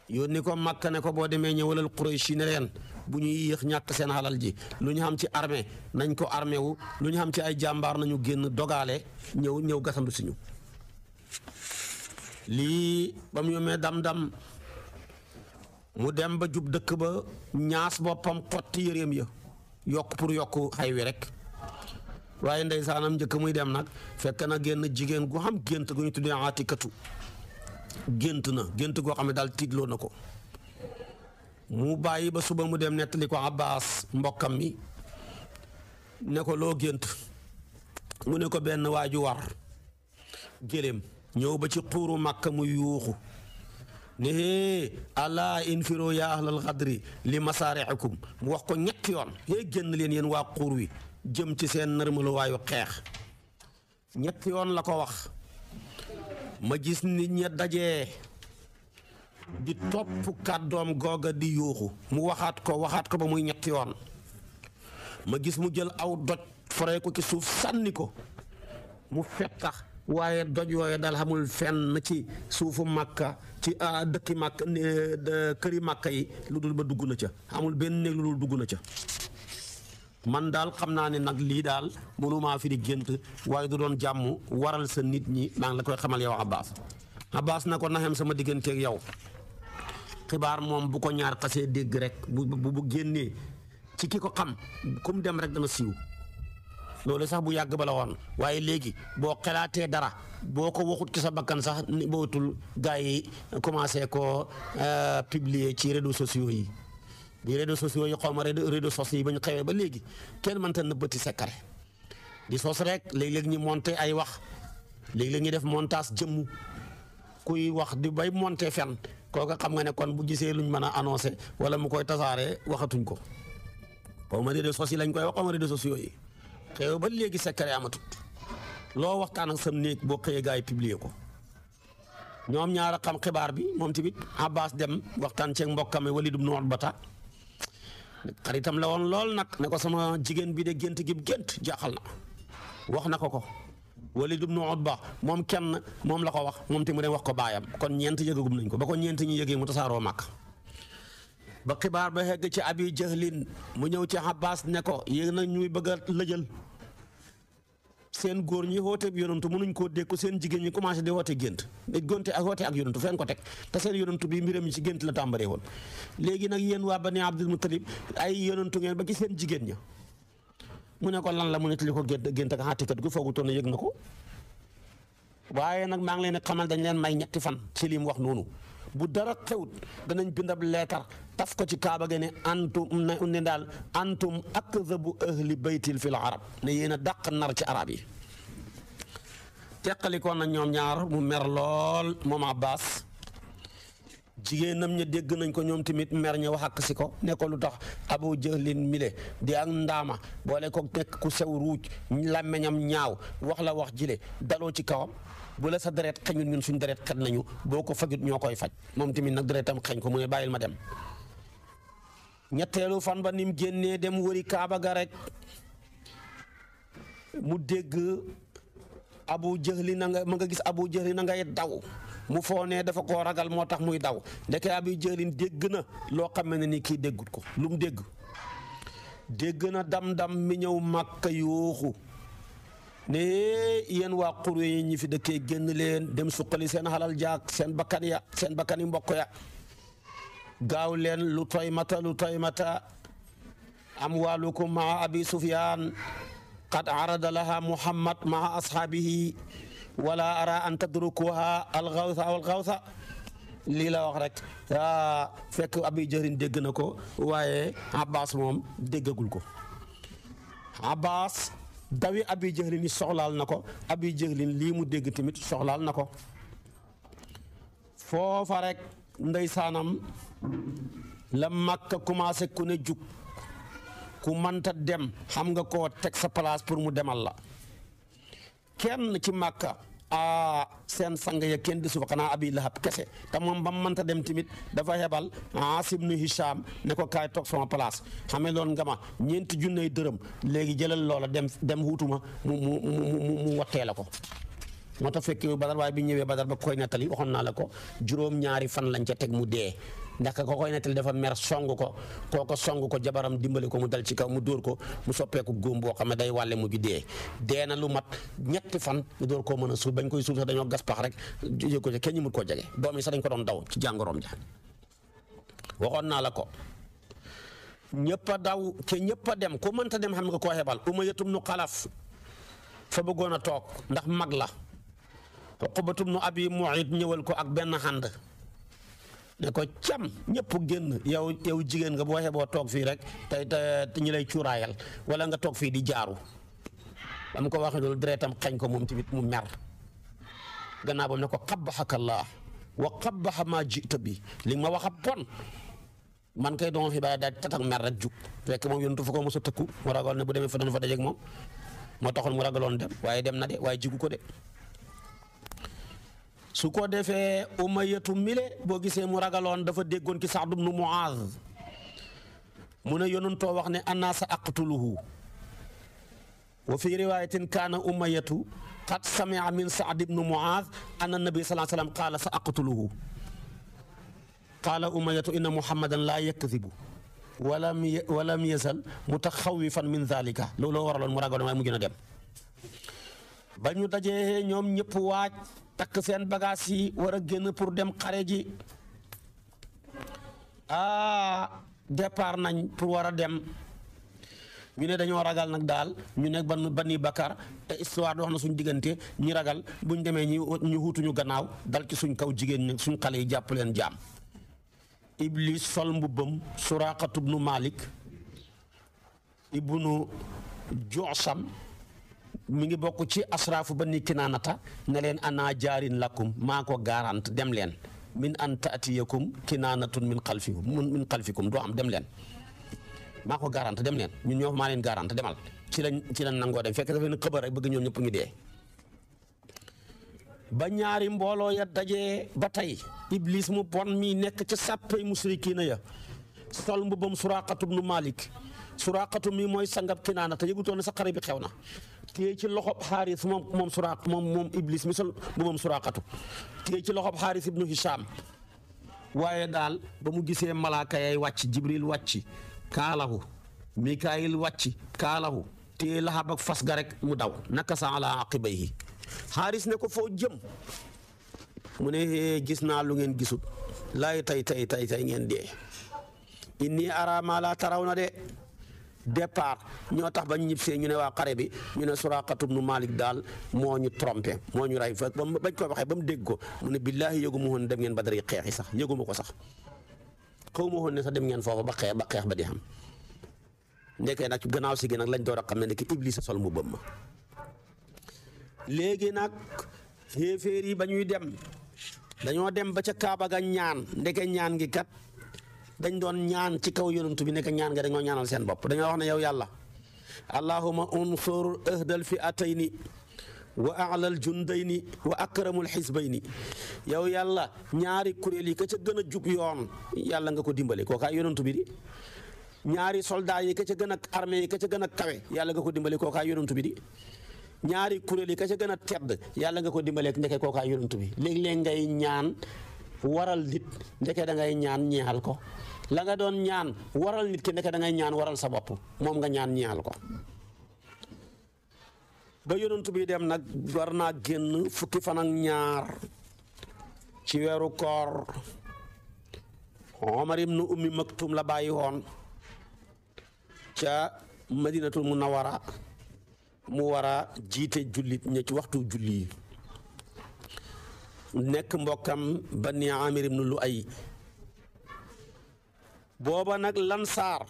S1: yónni ko Makka ne ko boo demee ñëwalal Quraysh ne leen bu ñuy yéex ñàkk seen xalal ji lu ñu xam ci armée nañ ko armé wu lu ñu xam ci ay jàmbaar nañu génn dogaale ñëw ñëw gasandu si ñu lii ba mu yomee dam-dam mu dem ba jub dëkk ba ñaas boppam xotti yëreem ya yokk pour yokk xay wi rek waaye ndeysaanam njëkk muy dem nag fekk na génn jigéen gu xam gént gu ñu tuddee aatikatu gént na gént goo xam ne daal tiitloo na ko mu bàyyi ba suba mu dem nettali ko Abbas mbokkam mi ne ko loo gént mu ne ko benn waaju war géléem ñëw ba ci xuuru màkka mu yuuxu ne hee alaa infiru yaa ahlal xadri li masaarixikum mu wax ko ñetti yoon hee génn leen yéen waa xuur wi jëm ci seen nërmaluwaayu xeex ñetti yoon la ko wax ma gis nit ña dajee di topp kàddoom googa di yuuxu mu waxaat ko waxaat ko ba muy ñetti yoon ma gis mu jël aw doj foree ko ci suuf sànni ko mu fettax waaye doj yooyu daal xamul fenn ci suufu màkka ci ah, dëkki màkk këri màkka yi lu dul ba dugg na ca amul benn néeg lu dul dugg na ca man daal xam naa ni nag lii daal mënumaa fi di gént waaye du doon jàmm waral sa nit ñi maa ngi la koy xamal yow Abbas Abbas na ko naxem sama digganteeg yow xibaar moom bu ko ñaar xasee dégg rek bu bu génnee ci ki ko xam comme dem rek dana siiw loolu sax bu yàgg ba la woon waaye léegi boo xelaatee dara boo ko waxut ki sa bakkan sax ni bootul gars yi commencé koo euh, publier ci réseaux sociaux yi bi réseaux sociaux yi xaw ma réseaux sociaux yi ba ñu xewee ba léegi kenn mënta nëbbati secret di sos rek léegi léeg ñi monté ay wax léegi léeg ñu def montage jëmm kuy wax di bay monté fen kooka xam nga ne kon bu gisee luñ mën a annoncé wala mu koy tasaare waxatuñ ko xaw ma réseaux sociaux yi lañ koy wax xaw ma yi te ba léegi secret amatut loo waxtaan ak sam néeg boo xëyee gars yi publier ko ñoom ñaar a xam xibaar bi moom tamit Abbas dem waxtaan ceeg mbokkam Walid ibn Utbata xaritam la woon lool nag ne ko sama jigéen bi de gént gi gént jaaxal na wax na ko ko Walid ibn Utba moom kenn moom la ko wax moom tamit mu dem wax ko baayam kon ñeent yëgagum nañ ko ba ko ñeent ñu yëgee mu tasaaroo màkk ba xibaar ba xegg ci abi jahlin mu ñëw ci Abbas ne ko yéeg na ñuy bëgg a lëjal seen góor ñi xooteeb yonantu mënuñ koo dékku seen jigéen ñi commencé di xoote gént di gonte ak xoote ak yonantu feen ko teg te seen yonantu bi mbiram yi ci gént la tàmbaree woon léegi nag yéen waa ba bani abdul mutalib ay yonantu ngeen ba ci seen jigéen ña mu ne ko lan la mu nettali ko gént gént ak xàttikat gu foogutoon yëg na ko waaye nag maa ngi leen xamal dañ leen may ñetti fan ci lim wax noonu bu dara xewut danañ bindab leetar taf ko ci kaaba ge ne antum ne daal antum akzabu ahli baytil fil arab ne yéen a dàq nar ci arab yi teqalikoon na ñoom ñaar mu mer lool moom Abbas jigéenam ñe dégg nañ ko ñoom tamit mer ña wax si ko ne lu tax abu jëlin mile di ak ndaama boole ko nekk ku sew ruuj làmmeñam ñaaw wax la wax jile daloo ci kawam bu la sa deret xañul ñun suñ deret xat nañu boo ko fajut ñoo koy faj moom tamit nag deretam xañ ko mu ne bàyyil ma dem ñetteelu fan ba ni mu génnee dem wëri kaaba ga rek mu dégg abu jëxli na nga gis abu jëxli na ngay daw mu foonee dafa ko ragal moo tax muy daw ndeke abu jëxlin dégg na loo xam ne ni kii déggut ko lu mu dégg dégg na dam-dam mi ñëw màkka yooxu ne yéen waa xurwe yi fi dëkkee génn leen dem suqali seen xalal jaak seen bakkan ya seen bakkani mbokk gaaw leen lu toy mata lu toy mata amwaalukum maa abi sufyaan qad arada laha muhammad maa ashaabihi wala ara an tadrukuha alxawsa walxawsa lii la wax rek fekk abi jërin dégg na ko waaye abbas moom déggagul ko dawi abi jëxlin yi soxlaal na ko abi jëxlin lii mu dégg tamit soxlaal na ko foofa rek ndeysaanam la màkka commencé ku ne jug ku mënta dem xam nga koo teg sa place pour mu demal la kenn ci màkka ah seen sang ya kenn desu fa xanaa abi lahab kese te moom ba dem tamit dafa hebal Asim nu Hisham ne ko kaay toog sama place xamee loon nga ma ñeenti junney dërëm léegi jëlal loola dem dem wutuma mu mu mu mu wattee la ko. moo tax fekk badar waaye bi ñëwee ba badar ba koy nettali waxoon naa la ko juróom-ñaari fan lañ ca teg mu dee ndax ko koy nettali dafa mer song ko kooko song ko jabaram dimbali ko mu dal ci kaw mu dóor ko mu soppeeku góom boo xam ne day wàlle mu ju dee dee na lu mat ñetti fan ñu door koo mën a suul bañ koy suul dañoo gas pax rek ko ca ñu mut koo jege doom yi sax dañ ko doon daw ci jàngoroom ja waxoon naa la ko ñëpp daw ñëpp a dem ku mënta dem xam nga koo xebal umayyatum nu xalaf fa bëggoon a toog ndax mag la xubatum nu abi muid ñëwal ko ak benn xànd ne ko cam ñëpp génn yow yow jigéen nga bu waxee boo toog fii rek te te ñu lay cuuraayal wala nga toog fii di jaaru ba mu ko waxee loolu deretam xañ ko moom tamit mu mer gannaa ba mu ne ko xabaxaka laa wa xabaxa maa jita bi li ma wax a pon man kay doon fi bàyyi daal tatak mer rek jug fekk moom yontu fa ko mos a tëkku mu ragal ne bu demee fa doon fa jeg moom moo taxoon mu ragaloon dem waaye dem na de waaye jigu ko de su ko defee umayatu mile boo gisee mu ragaloon dafa déggoon ki sax dum nu muaz mu ne yonentoo wax ne anna sa aqtuluhu wa fi riwayatin kaana umayatu qad samia min saad ibnu muaz anna nabi salaa sallam qaala sa aqtuluhu qaala umayatu inna muhammadan laa yakdibu walam walam yasal mutaxawifan min dalika looloo waraloon mu ragaloon waaye mu gën a dem ba ñu dajee ñoom ñëpp waaj takk seen bagage yi war a génn pour dem xare ji ah départ nañ pour war a dem ñu ne dañoo ragal nag daal ñu nekk ban bani Bakar te histoire di na suñ diggante ñi ragal buñ demee ñi ñu wutuñu gannaaw dal ci suñ kaw jigéen ñi suñ xale yi jàpp leen jaam Iblis sol mbubbam Suraqatu bnu Malik ibnu Joosam mi ngi bokk ci asraafu ba ni kinaanata na leen ana jaarin lakum maa ko garante dem leen min an taatiyakum kinaanatun min xalfikum min xalfikum doo am dem leen maa ko garante dem leen ñun ñoo maa leen garant demal ci la ci lañ nangoo dem fekk dafa leen xëbar rek bëgg ñoom ñëpp ngi dee ba ñaari mbooloo ya dajee ba tey iblis mu bon mii nekk ci sàppey musrikiina ya sol mbubam suraqatu bnu malik suraqatu mii mooy sangab kinaana te yëgutoon na sa xare bi xew na téye ci loxob xaaris moom moom suraq moom moom iblis misal bu moom suraqatu téye ci loxob xaaris ibnu Hisham waaye daal ba mu gisee malaaka yay wàcc jibril wàcc kaalahu mikaayil wàcc kaalahu téye laxab ak fas ga rek mu daw naka sa ala aqibayhi xaaris ne ko foo jëm mu ne eh, gis naa lu ngeen gisut laay tay tay tay ngeen dee inni ara ma la taraw na de départ ñoo tax ba ñu ñibsee ñu ne waa xare bi ñu ne Suraqatu nu Malik daal moo ñu trompé moo ñu ray fa bañ ko waxee ba mu dégg ko mu ne billaahi yëgu ma woon dem ngeen ba dara xeex yi sax yëgu ma ko sax xaw ma woon ne sax dem ngeen foofu ba xeex ba ba di xam ndekkee nag gannaaw si gi nag lañ door a xam ne ki Iblis a sol mu bëmm léegi nag xéeféer yi ba ñuy dem dañoo dem ba ca Kaaba ñaan ndeke ñaan ngi kat. dañ doon ñaan ci kaw yonent bi nekk ñaan nga dañoo ñaanal seen bopp dañoo wax ne yow yàlla allahuma unsur ahdal fi'atayni wa alal jundayni wa akramul xisbayni yow yàlla ñaari kuréel yi ka ca gën a jub yoon yàlla nga ko dimbale kookaay yonantu bi di ñaari soldat yi ka ca gën a yi ka ca gën a kawe yàlla nga ko dimbale kookaay yonantu bi di ñaari kuréel yi ka ca gën a tedd yàlla nga ko dimbale ndeke kookaay yonantu bi léeg-léeg ngay ñaan waral nit ndeke da ngay ñaan ñeexal ko la nga doon ñaan waral nit ki nekk da ngay ñaan waral sa bopp moom nga ñaan ñaal ko ba yonent bi dem nag war naa génn fukki fan ñaar ci weeru koor Omar ibnu Ummi Maktum la bàyyi woon ca Madinatul Munawwara mu war a jiite jullit ña ci waxtu julli yi nekk mbokkam Bani Amir ibnu Luay booba nag lansaar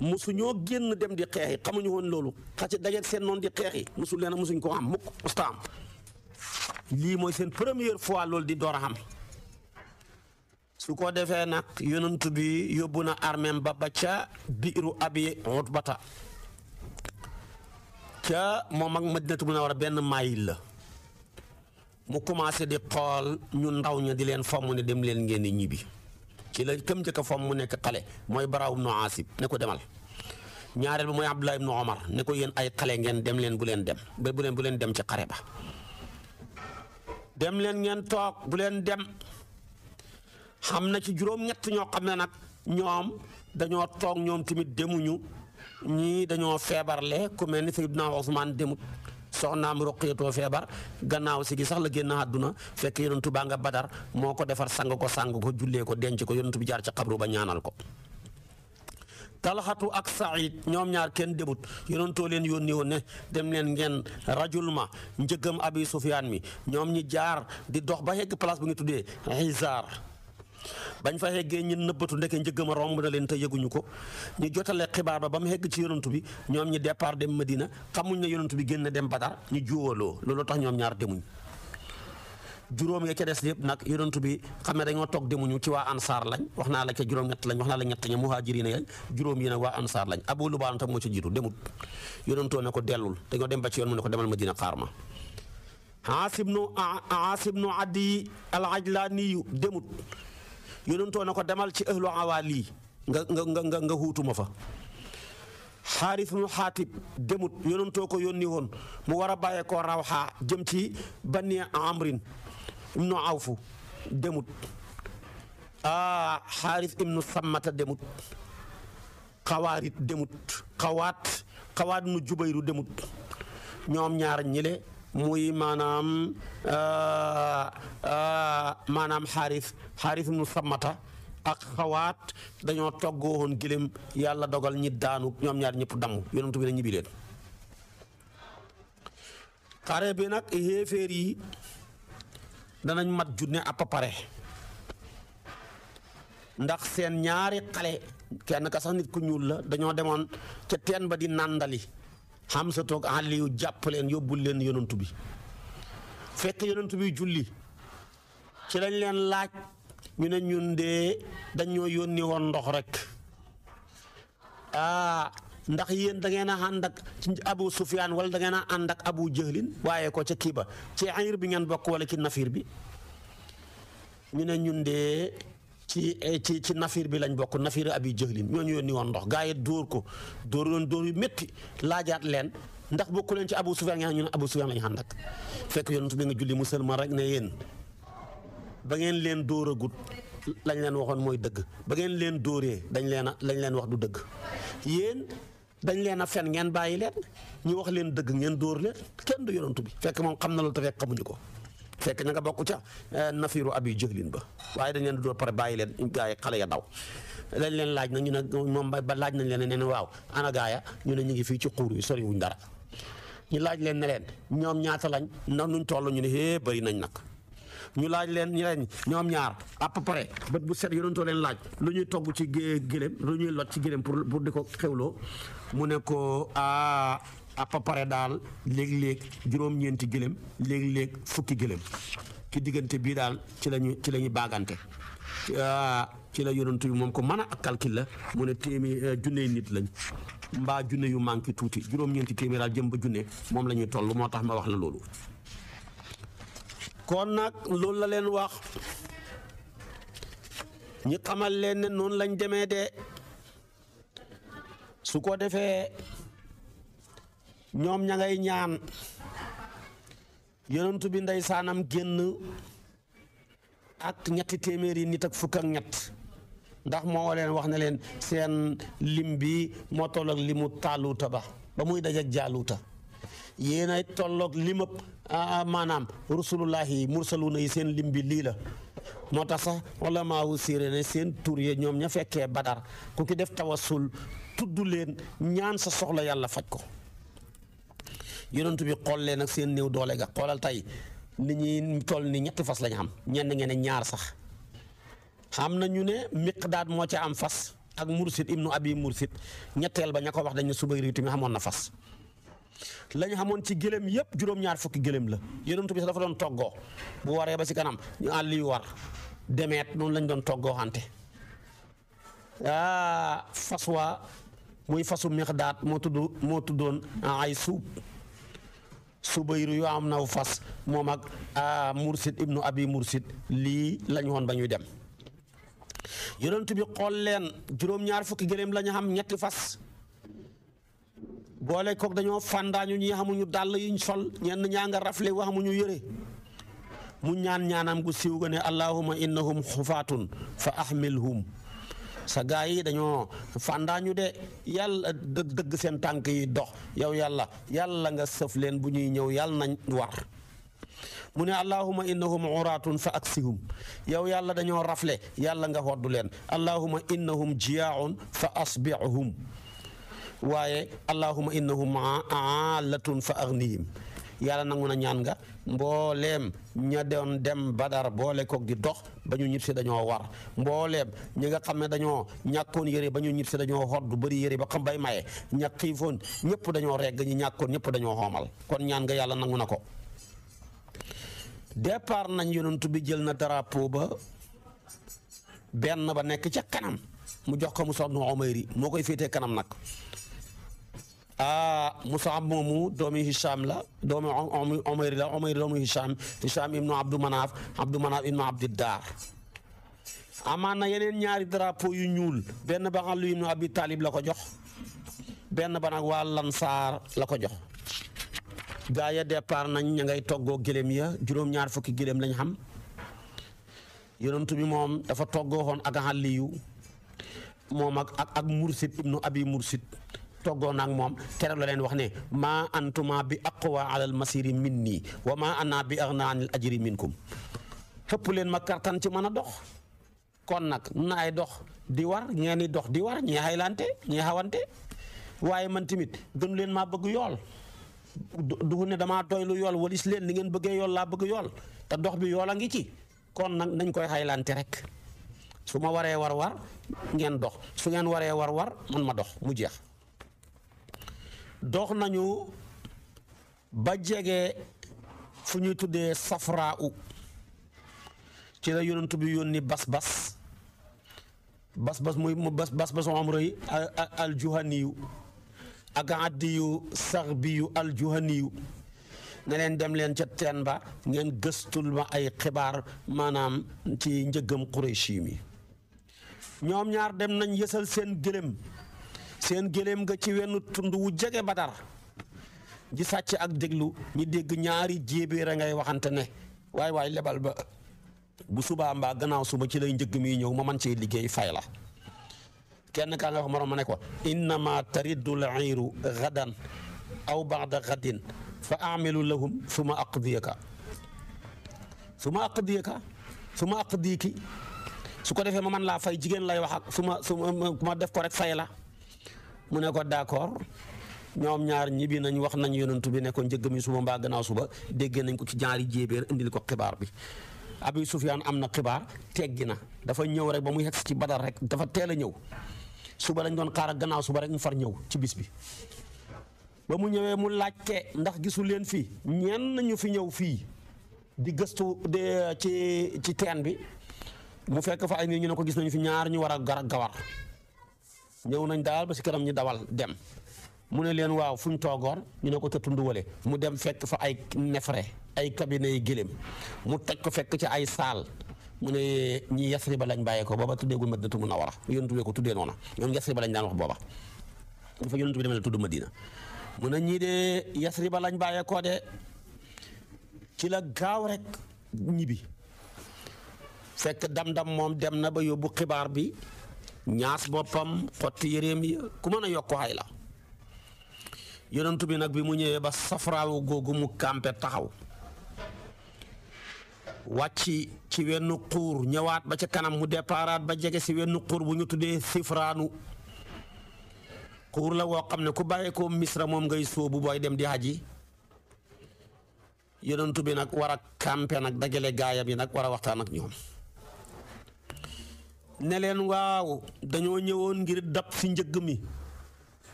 S1: musu ñoo génn dem di xeex xamuñu woon loolu xaci dajeeg seen noonu di xeex yi musu leen musuñ ko am mukk musta am lii mooy seen première fois loolu di door a am su ko defee nag yonent bi yóbbu na armeem ba ba ca biiru abi bata ca moom ak madinatu munawwara benn mayil la mu commencé di xool ñu ndaw ña di leen fomm ne dem leen ngeen di ñibbi ki la kam njëkk a fomm mu nekk xale mooy Baraaw ibnu Aasib ne ko demal ñaareel ba mooy Abdullah ibnu Omar ne ko yéen ay xale ngeen dem leen bu leen dem ba bu leen leen dem ci xare ba dem leen ngeen toog bu leen dem xam na ci juróom-ñett ñoo xam ne nag ñoom dañoo toog ñoom tamit demuñu ñii dañoo feebar le mel ni Sayyidna Usmaan demut soxnaam roqiyatoo feebar gannaaw si gi sax la génn àdduna fekk yonentu baa nga badar moo ko defar sang ko sang ko jullee ko denc ko yonentu bi jaar ci xabru ba ñaanal ko talxatu ak saïd ñoom ñaar kenn début too leen yónni woon ne dem leen ngeen rajul ma njëggam abi sufyaan mi ñoom ñi jaar di dox ba yegg place bu ngi tuddee xisaar bañ fa heggee ñi nëbbatu ndeke njëggama romb na leen te yëguñu ko ñu jotale xibaar ba ba mu hegg ci yonantu bi ñoom ñi départ dem Medina xamuñ ne yonantu bi génn dem Badar ñu juwaloo loolu tax ñoom ñaar demuñ juróom ya ca des yëpp nag yonantu bi xam ne dañoo toog demuñu ci waa ansaar lañ wax naa la ca juróom-ñett lañ wax naa la ñett ña muhaajiriina yañ juróom yi nag waa ansaar lañ abu lubaan tam moo ca jiitu demut yonantoo ne ko dellul dañoo dem ba ci yoon mu ne ko demal Medina xaar ma aasibnu aasibnu addi laa ajlaaniyu demut yonentoo na ko demal ci ëhlu awaali nga nga nga nga xuutuma fa xaaris mu xaatib demut yonentoo ko yónni woon mu war a bàyyee ko rawxaa jëm ci banni amrin ibnu awfu demut ah xaaris ibnu sammata demut xawaarit demut xawaat xawaat nu jubayru demut ñoom ñaar ñile muy maanaam euh, euh, maanaam xaaris xaaris mu samata ak xawaat dañoo toggoo woon gëlëm yàlla dogal ñi daanu ñoom ñaar ñëpp damm yonent bi ne ñibbi leen xare bi nag xéeféer yi danañ mat junne à peu près ndax seen ñaari xale kenn ka sax nit ku ñuul la dañoo demoon ca teen ba di nàndali Hamza toog Aliyu jàpp leen yóbbul leen yonantu bi fekk yonantu julli ci lañ leen laaj ñu ne ñun de dañoo yónni woon ndox rek ah, ndax yéen da ngeen a ànd ak Abu Sufyaan wala da a ànd ak Abu Jahlin waaye ko ca kiiba ba ci bi ngeen bokk wala ci nafiir bi ñu ne ñun de. Eh, ci ci ci nafir bi lañ bokk nafir abi jëxlin ñoo ñu yónni woon ndox gaa yi dóor ko dóor loon dóor yi métti laajaat leen ndax bokku leen ci abu sufyaan nga ñu ne abu sufyaan lañu ànd ak fekk yonent bi nga julli musulman rek ne yéen ba ngeen leen dóor agut lañ leen waxoon mooy dëgg ba ngeen leen dóoree dañ leen a lañ leen wax du dëgg yéen dañ leen a fen ngeen bàyyi leen ñu wax leen dëgg ngeen dóor leen kenn du yonent bi fekk moom xam na loolu te fekk xamuñu ko fekk na nga bokk ca eh, nafiru abi jëhlin ba waaye dañ leen doo pare bàyyi leen gaa yi xale ya daw lañ leen laaj na ñu ne moom ba laaj nañ leen ne waaw ana gaaya ñu ne ñu ngi fii ci xuur yi soriwuñ dara ñu laaj leen ne leen ñoom ñaata lañ na nuñ toll ñu ne hee nañ nag ñu laaj leen ñu ñoom ñaar à peu bët bu set yonentoo leen laaj lu ñuy togg ci gé gëléem lu ñuy lot ci gëléem pour pour di ko xewloo mu ne ko a ah, à peu daal léeg-léeg juróom-ñeenti gëlëm léeg-léeg fukki gëlëm ki diggante bii daal ci la ñu ci la ñu baagante ah, ci la yonent bi moom ko man a ak calcul la mu ne téeméer eh, junne nit lañ mbaa junne yu manqué tuuti juróom-ñeenti téeméer daal jëm ba junne moom la ñuy toll moo tax ma wax la loolu. kon nag loolu la leen wax ñi xamal leen ne noonu lañ demee de su ko defee. ñoom ña ngay ñaan yonentu bi ndey saanam génn ak ñetti téeméeri nit ak fukk ñett ndax moo leen wax na leen seen lim bi moo tolloog limu taaluuta ba ba muy dajak jaaluuta yéenay tolloog limab maanaam rusulullahi mursaluuna yi seen lim bi lii la moo tax sax walla maawu siire seen tur ye ñoom ña fekkee badar ku ki def tawasul tudd leen ñaan sa soxla yàlla faj ko yonent bi xool leen ak seen néew doole ga xoolal tey ni ñuy toll ni ñetti fas lañ xam ñenn ngeen ne ñaar sax xam na ñu ne miqdaad moo ca am fas ak mursid ibnu abi mursid ñetteel ba ña ko wax dañ ne subay riitu mi xamoon na fas lañ xamoon ci gëlëm yëpp juróom-ñaar fukki gëlëm la yonent bi sax dafa doon toggoo bu waree ba si kanam ñu àll yu war demeet noonu lañ doon toggoo xante ah fas waa muy fasu miqdaad moo tudd moo tuddoon ay suub Subayru yu am naw fas moom ak Mursid ibnu Abi Mursid lii lañ woon ba ñuy dem yonent bi xool leen juróom-ñaar fukki gëléem lañu xam ñetti fas boole kook dañoo fàndaañu ñi xamuñu dàll yuñ sol ñenn ñaa nga rafle wa xamuñu yëre mu ñaan ñaanam gu siiw ga ne allahuma innahum xufaatun fa ahmilhum sa gaa yi dañoo fandaañu de yàlla dëgg seen tànk yi dox yow yàlla yàlla nga sëf leen bu ñuy ñëw yàlla nañ war mu ne allahuma innahum uratun fa aksihum yow yàlla dañoo rafle yàlla nga hoddu leen allahuma innahum jiyaaun fa asbihum waaye allahuma innahum aalatun fa agnihim yàlla nangu na ñaan nga mbooleem ña doon dem badar boole koog di dox ba ñu ñib dañoo war mbooleem ñi nga xam ne dañoo ñàkkoon yëre ba ñu ñib si dañoo xor du bëri yére ba xam bay maye ña xiifoon ñëpp dañoo regg ñi ñàkkoon ñëpp dañoo xoomal kon ñaan nga yàlla nangu na ko départ nañ yonent bi jël na drapeau ba benn ba nekk ca kanam mu jox ko mu sonn Umayri moo koy féete kanam nag ah Mus'ab moomu doomi Hisham la doomi Umayr la Umayr doomi Hisham Hisham ibnu Abdu Manaaf Abdu Manaaf ibnu Abdi Daar amaan na yeneen ñaari drapeau yu ñuul benn ba Ali ibnu Abi Talib la ko jox benn ba nag waa Lansaar la ko jox gaa ya départ nañ ña ngay toggoo gëlëm ya juróom-ñaar fukki gëlëm lañ xam yonent bi moom dafa toggoo xoon ak Aliyu moom ak ak Mursid ibnu Abi Mursid toggoon ak moom tere la leen wax ne maa antuma bi aqwa alal masiri min nii wa maa ana bi naan anil ajri minkum xëpp leen ma kartan ci mën a dox kon nag naay dox di war ñee ni dox di war ñee xaylante ñee xawante waaye man tamit gënu leen maa bëgg yool du ne damaa doy lu yool walis leen li ngeen bëggee yool laa bëgg yool te dox bi yool a ngi ci kon nag nañ koy xaylante rek su ma waree war war ngeen dox su ngeen waree war war man ma dox mu jeex dox nañu ba jege fu ñuy tuddee safraa u ci la yonent bi yónni bas-bas bas-bas muy bas bas am rëy aljuhaniyu ak addiyu sarbiyu aljuhaniyu ne leen dem leen ca teen ba ngeen gëstul ma ay xibaar maanaam ci njëggam Qurayshi mi ñoom ñaar dem nañ yësal seen gëlëm seen géléem nga ci wenn tund wu jege badar ji sàcc ak déglu ñi dégg ñaari jéebéer a ngay waxante ne waay waay lebal ba bu suba mbaa gannaaw suba ci lay njëgg mi ñëw ma man ci liggéey fay la kenn kaa nga wax moroom ma ne ko innama tariddu l iiru gadan aw bada gadin fa amilu lahum suma aqdiyaka suma aqdiyaka suma aqdiki su ko defee ma man laa fay jigéen lay wax ak su ma su ma def ko rek fay la mu ne ko d'accord ñoom ñaar ñibbi nañ wax nañ yonantu bi nekkoon ko njëgg mi suba mbaa gannaaw suba déggee nañ ko ci ñaari jéebéer indil ko xibaar bi abi sufyaan am na xibaar teggi na dafa ñëw rek ba mu yegg ci badar rek dafa teel a ñëw suba lañ doon xaar ak gannaaw suba rek mu far ñëw ci bis bi ba mu ñëwee mu laajte ndax gisu leen fii ñenn ñu fi ñëw fii di gëstu de ci teen bi mu fekk fa ay nit ñu ne ko gis nañu fi ñaar ñu war a gar gawar ñëw nañ daal ba si kanam ñu dawal dem mu ne leen waaw fu ñu toogoon ñu ne ko ca tund wale mu dem fekk fa ay nefere ay cabinet yi gëléem mu toj ko fekk ci ay saal mu ne ñi Yasriba lañ bàyyee ko booba tuddeegul Madinatu Munawwara yonent bi ko tuddee noona ñoom Yasriba lañ daan wax booba dafa yonent bi demee la tudd Madina mu ne ñii de Yasriba lañ bàyyee ko de ci la gaaw rek ñibi fekk dam-dam moom dem na ba yóbbu xibaar bi ñaas boppam xotti yéreem yi ku mën a yokk xay la yonentu bi nag bi mu ñëwee ba safaraawu googu mu kàmpe taxaw wàcc ci wenn xuur ñëwaat ba ca kanam mu deparaat ba jege ci wenn xuur bu ñu tuddee sifraanu xuur la woo xam ne ku bàyyeekoo misra moom ngay sóobu booy dem di haji yonentu bi nag war a kàmpe nag dajale gaayam yi nag wara waxtaan ak ñoom ne leen waaw dañoo ñëwoon ngir dab fi njëgg mi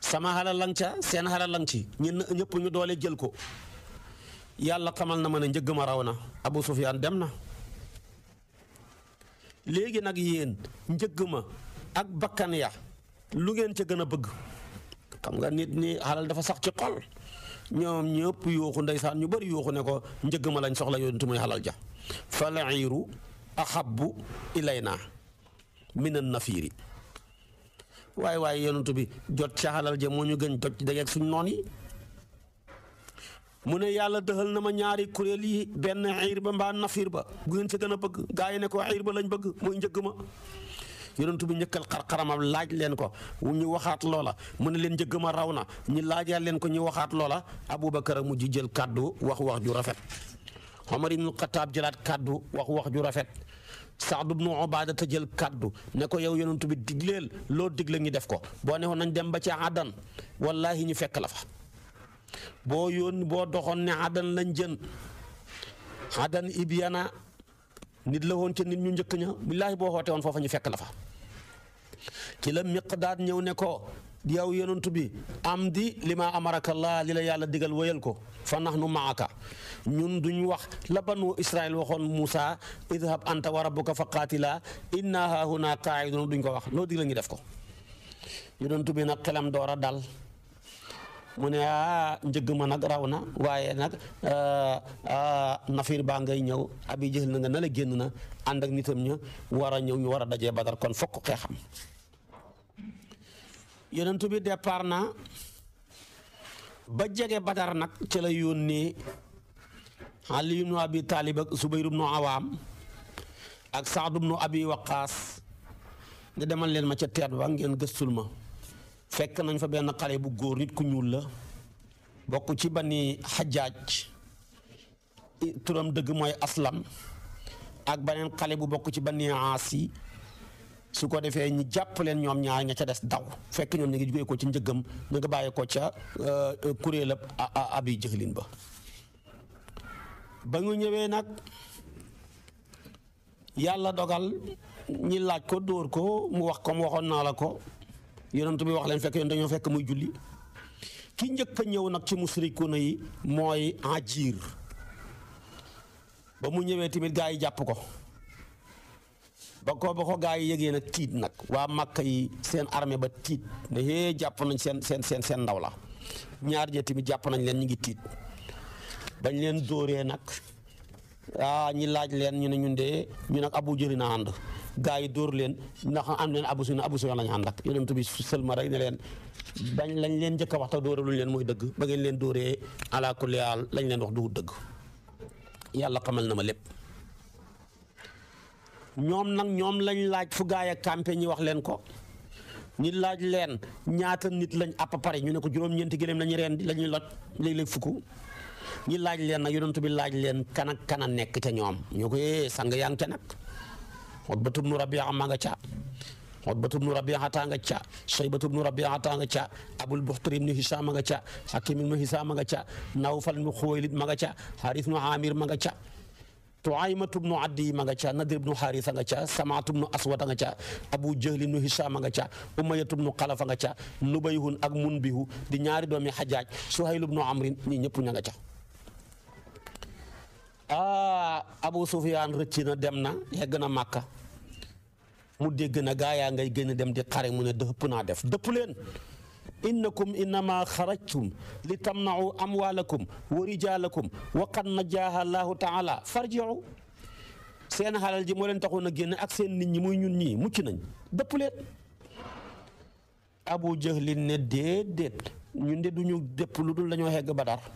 S1: sama xalal lang ca seen xalal lang ci ñun ñëpp ñu doole jël ko yàlla xamal na ma ne njëgg ma raw na Abu Sufyaan dem na léegi nag yéen njëgg ma ak bakkan ya lu ngeen ca gën a bëgg xam nga nit ñi xalal dafa sax ci xol ñoom ñëpp yooxu ndeysaan ñu bari yooxu ne ko njëgg ma lañ soxla yontu muy xalal ja fal iiru ahabbu naa minan nafiiri waaye waaye yonent bi jot ca xalal ja moo ñu gën jot ci dajeeg suñ noon yi mu ne yàlla dëxal na ma ñaari kuréel yi benn xiir ba mbaa nafiir ba gu ngeen sa gën a bëgg gaa yi ne ko xiir ba lañ bëgg mooy njëgg ma yonent bi njëkkal xarxaramam laaj leen ko ñu waxaat loola mu ne leen njëgg ma raw na ñu laajal leen ko ñu waxaat loola aboubacar a mujj jël kàddu wax wax ju rafet omar ibnul xataab jëlaat kàddu wax wax ju rafet Saad ibnu Ubaada te jël kaddu ne ko yow yonent bi digleel loo digle ñu def ko boo ne woon dem ba ci àddan wallahi ñu fekk la fa boo yóon boo doxoon ne àddan lañ jën àddan Ibyana nit la woon ca nit ñu njëkk ña billaahi boo xootee woon foofa ñu fekk la fa ci la miqdaad ñëw ne ko yow yonent tubi am di lima ma amarakallah li la yàlla digal wéyal ko fa nu maaka ñun duñ wax la banu israil waxoon Moussa idhab anta wa rabbuka fa qaatila inna hahuna qaa'idun duñ ko wax loo digal ñu def ko yonent bi nag xelam door a dal mu ne ah njëgg ma nag raw na waaye nag ah, ah, nafir baa ngay ñëw abi jël na nga na génn na ànd ak nitam ña war a ñëw ñu war a dajee badar kon fokk xeexam yonentu bi départ na ba jege badar nag ci la yónnee Ali ibnu Abi Taalib ak Subayr ibnu Awaam ak Saad ibnu Abi Waqaas ne demal leen ma ca teet ba ngeen gëstul ma fekk nañ fa benn xale bu góor nit ku ñuul la bokk ci bani xajaaj turam dëgg mooy aslam ak beneen xale bu bokk ci bani aasi su ko defee ñu jàpp leen ñoom ñaar ña ca des daw fekk ñoom ñu ngi jógee ko ci njëggam mu ngi bàyyi ko ca euh, kuréel ab abi jëxlin ba ba ñu ñëwee nag yàlla dogal ñi laaj ko dóor ko mu wax ko waxoon naa la ko yonent bi wax leen fekk yoon dañoo fekk muy julli ki njëkk a ñëw nag ci na yi mooy Ajiir ba mu ñëwee tamit gaa yi jàpp ko ba ko ba ko gaa yi yëgee nag tiit nag waa mag yi seen armee ba tiit ne hee jàpp nañ seen seen seen seen ndaw la ñaar ñe tamit jàpp nañ leen ñu ngi tiit bañ leen dóoree nag ah ñi laaj leen ñu ne ñun de ñu nag Abu Jëli na ànd gaa yi dóor leen ndax am leen Abu Sufyaan Abu Sufyaan la ñu ànd ak yonent bi sëlma rek ne leen bañ lañ leen njëkk a wax te dóore luñ leen mooy dëgg ba ngeen leen dóoree alaa kulli haal lañ leen wax du dëgg yàlla xamal na ma lépp. ñoom nag ñoom lañ laaj fu gaay a campé ñi wax leen ko ñi laaj leen ñaata nit lañ àpp pare ñu ne ko juróom-ñeenti gëléem lañu reen di la ñuy lot léeg-léeg fukk ñi laaj leen nag yonent bi laaj leen kan ak kan a nekk ca ñoom ñoo ko yee eh, sang yaa ngi ca nag Utbatu bnu Rabiiha ma nga ca Utbatu bnu Rabiiha taa nga ca Shaybatu bnu Rabiiha taa nga ca Abul Buxtari bnu Hisaam ma nga ca Hakim bnu Hisaam ma nga ca Nawfal bnu Xuwaylid ma nga ca Haaris bnu ma nga ca tuaymatu bnu addi ma nga ca nadir bnu xaarisa nga ca samaatu bnu aswada nga ca abu jahli nu hishaama nga ca umayatu bnu xalafa nga ca nubayhun ak munbihu di ñaari doomi xajaaj suhaylu bnu amrin ñi ñëpp ña nga ca ah abu sufyaan rëcc na dem na yegg na màkka mu dégg na gaa yaa ngay génn dem di xare mu ne dëpp naa def dëpp leen innakum innama xarajtum li tamnau amwaalakum wa rijalakum wa qad najaaha llahu taala farjiu seen xalal ji moo leen taxoon a génn ak seen nit ñi muy ñun ñii mucc nañ dëpp leen abu jahlin ne déedéet ñun de duñu dëpp lu dul la ñoo xegg badar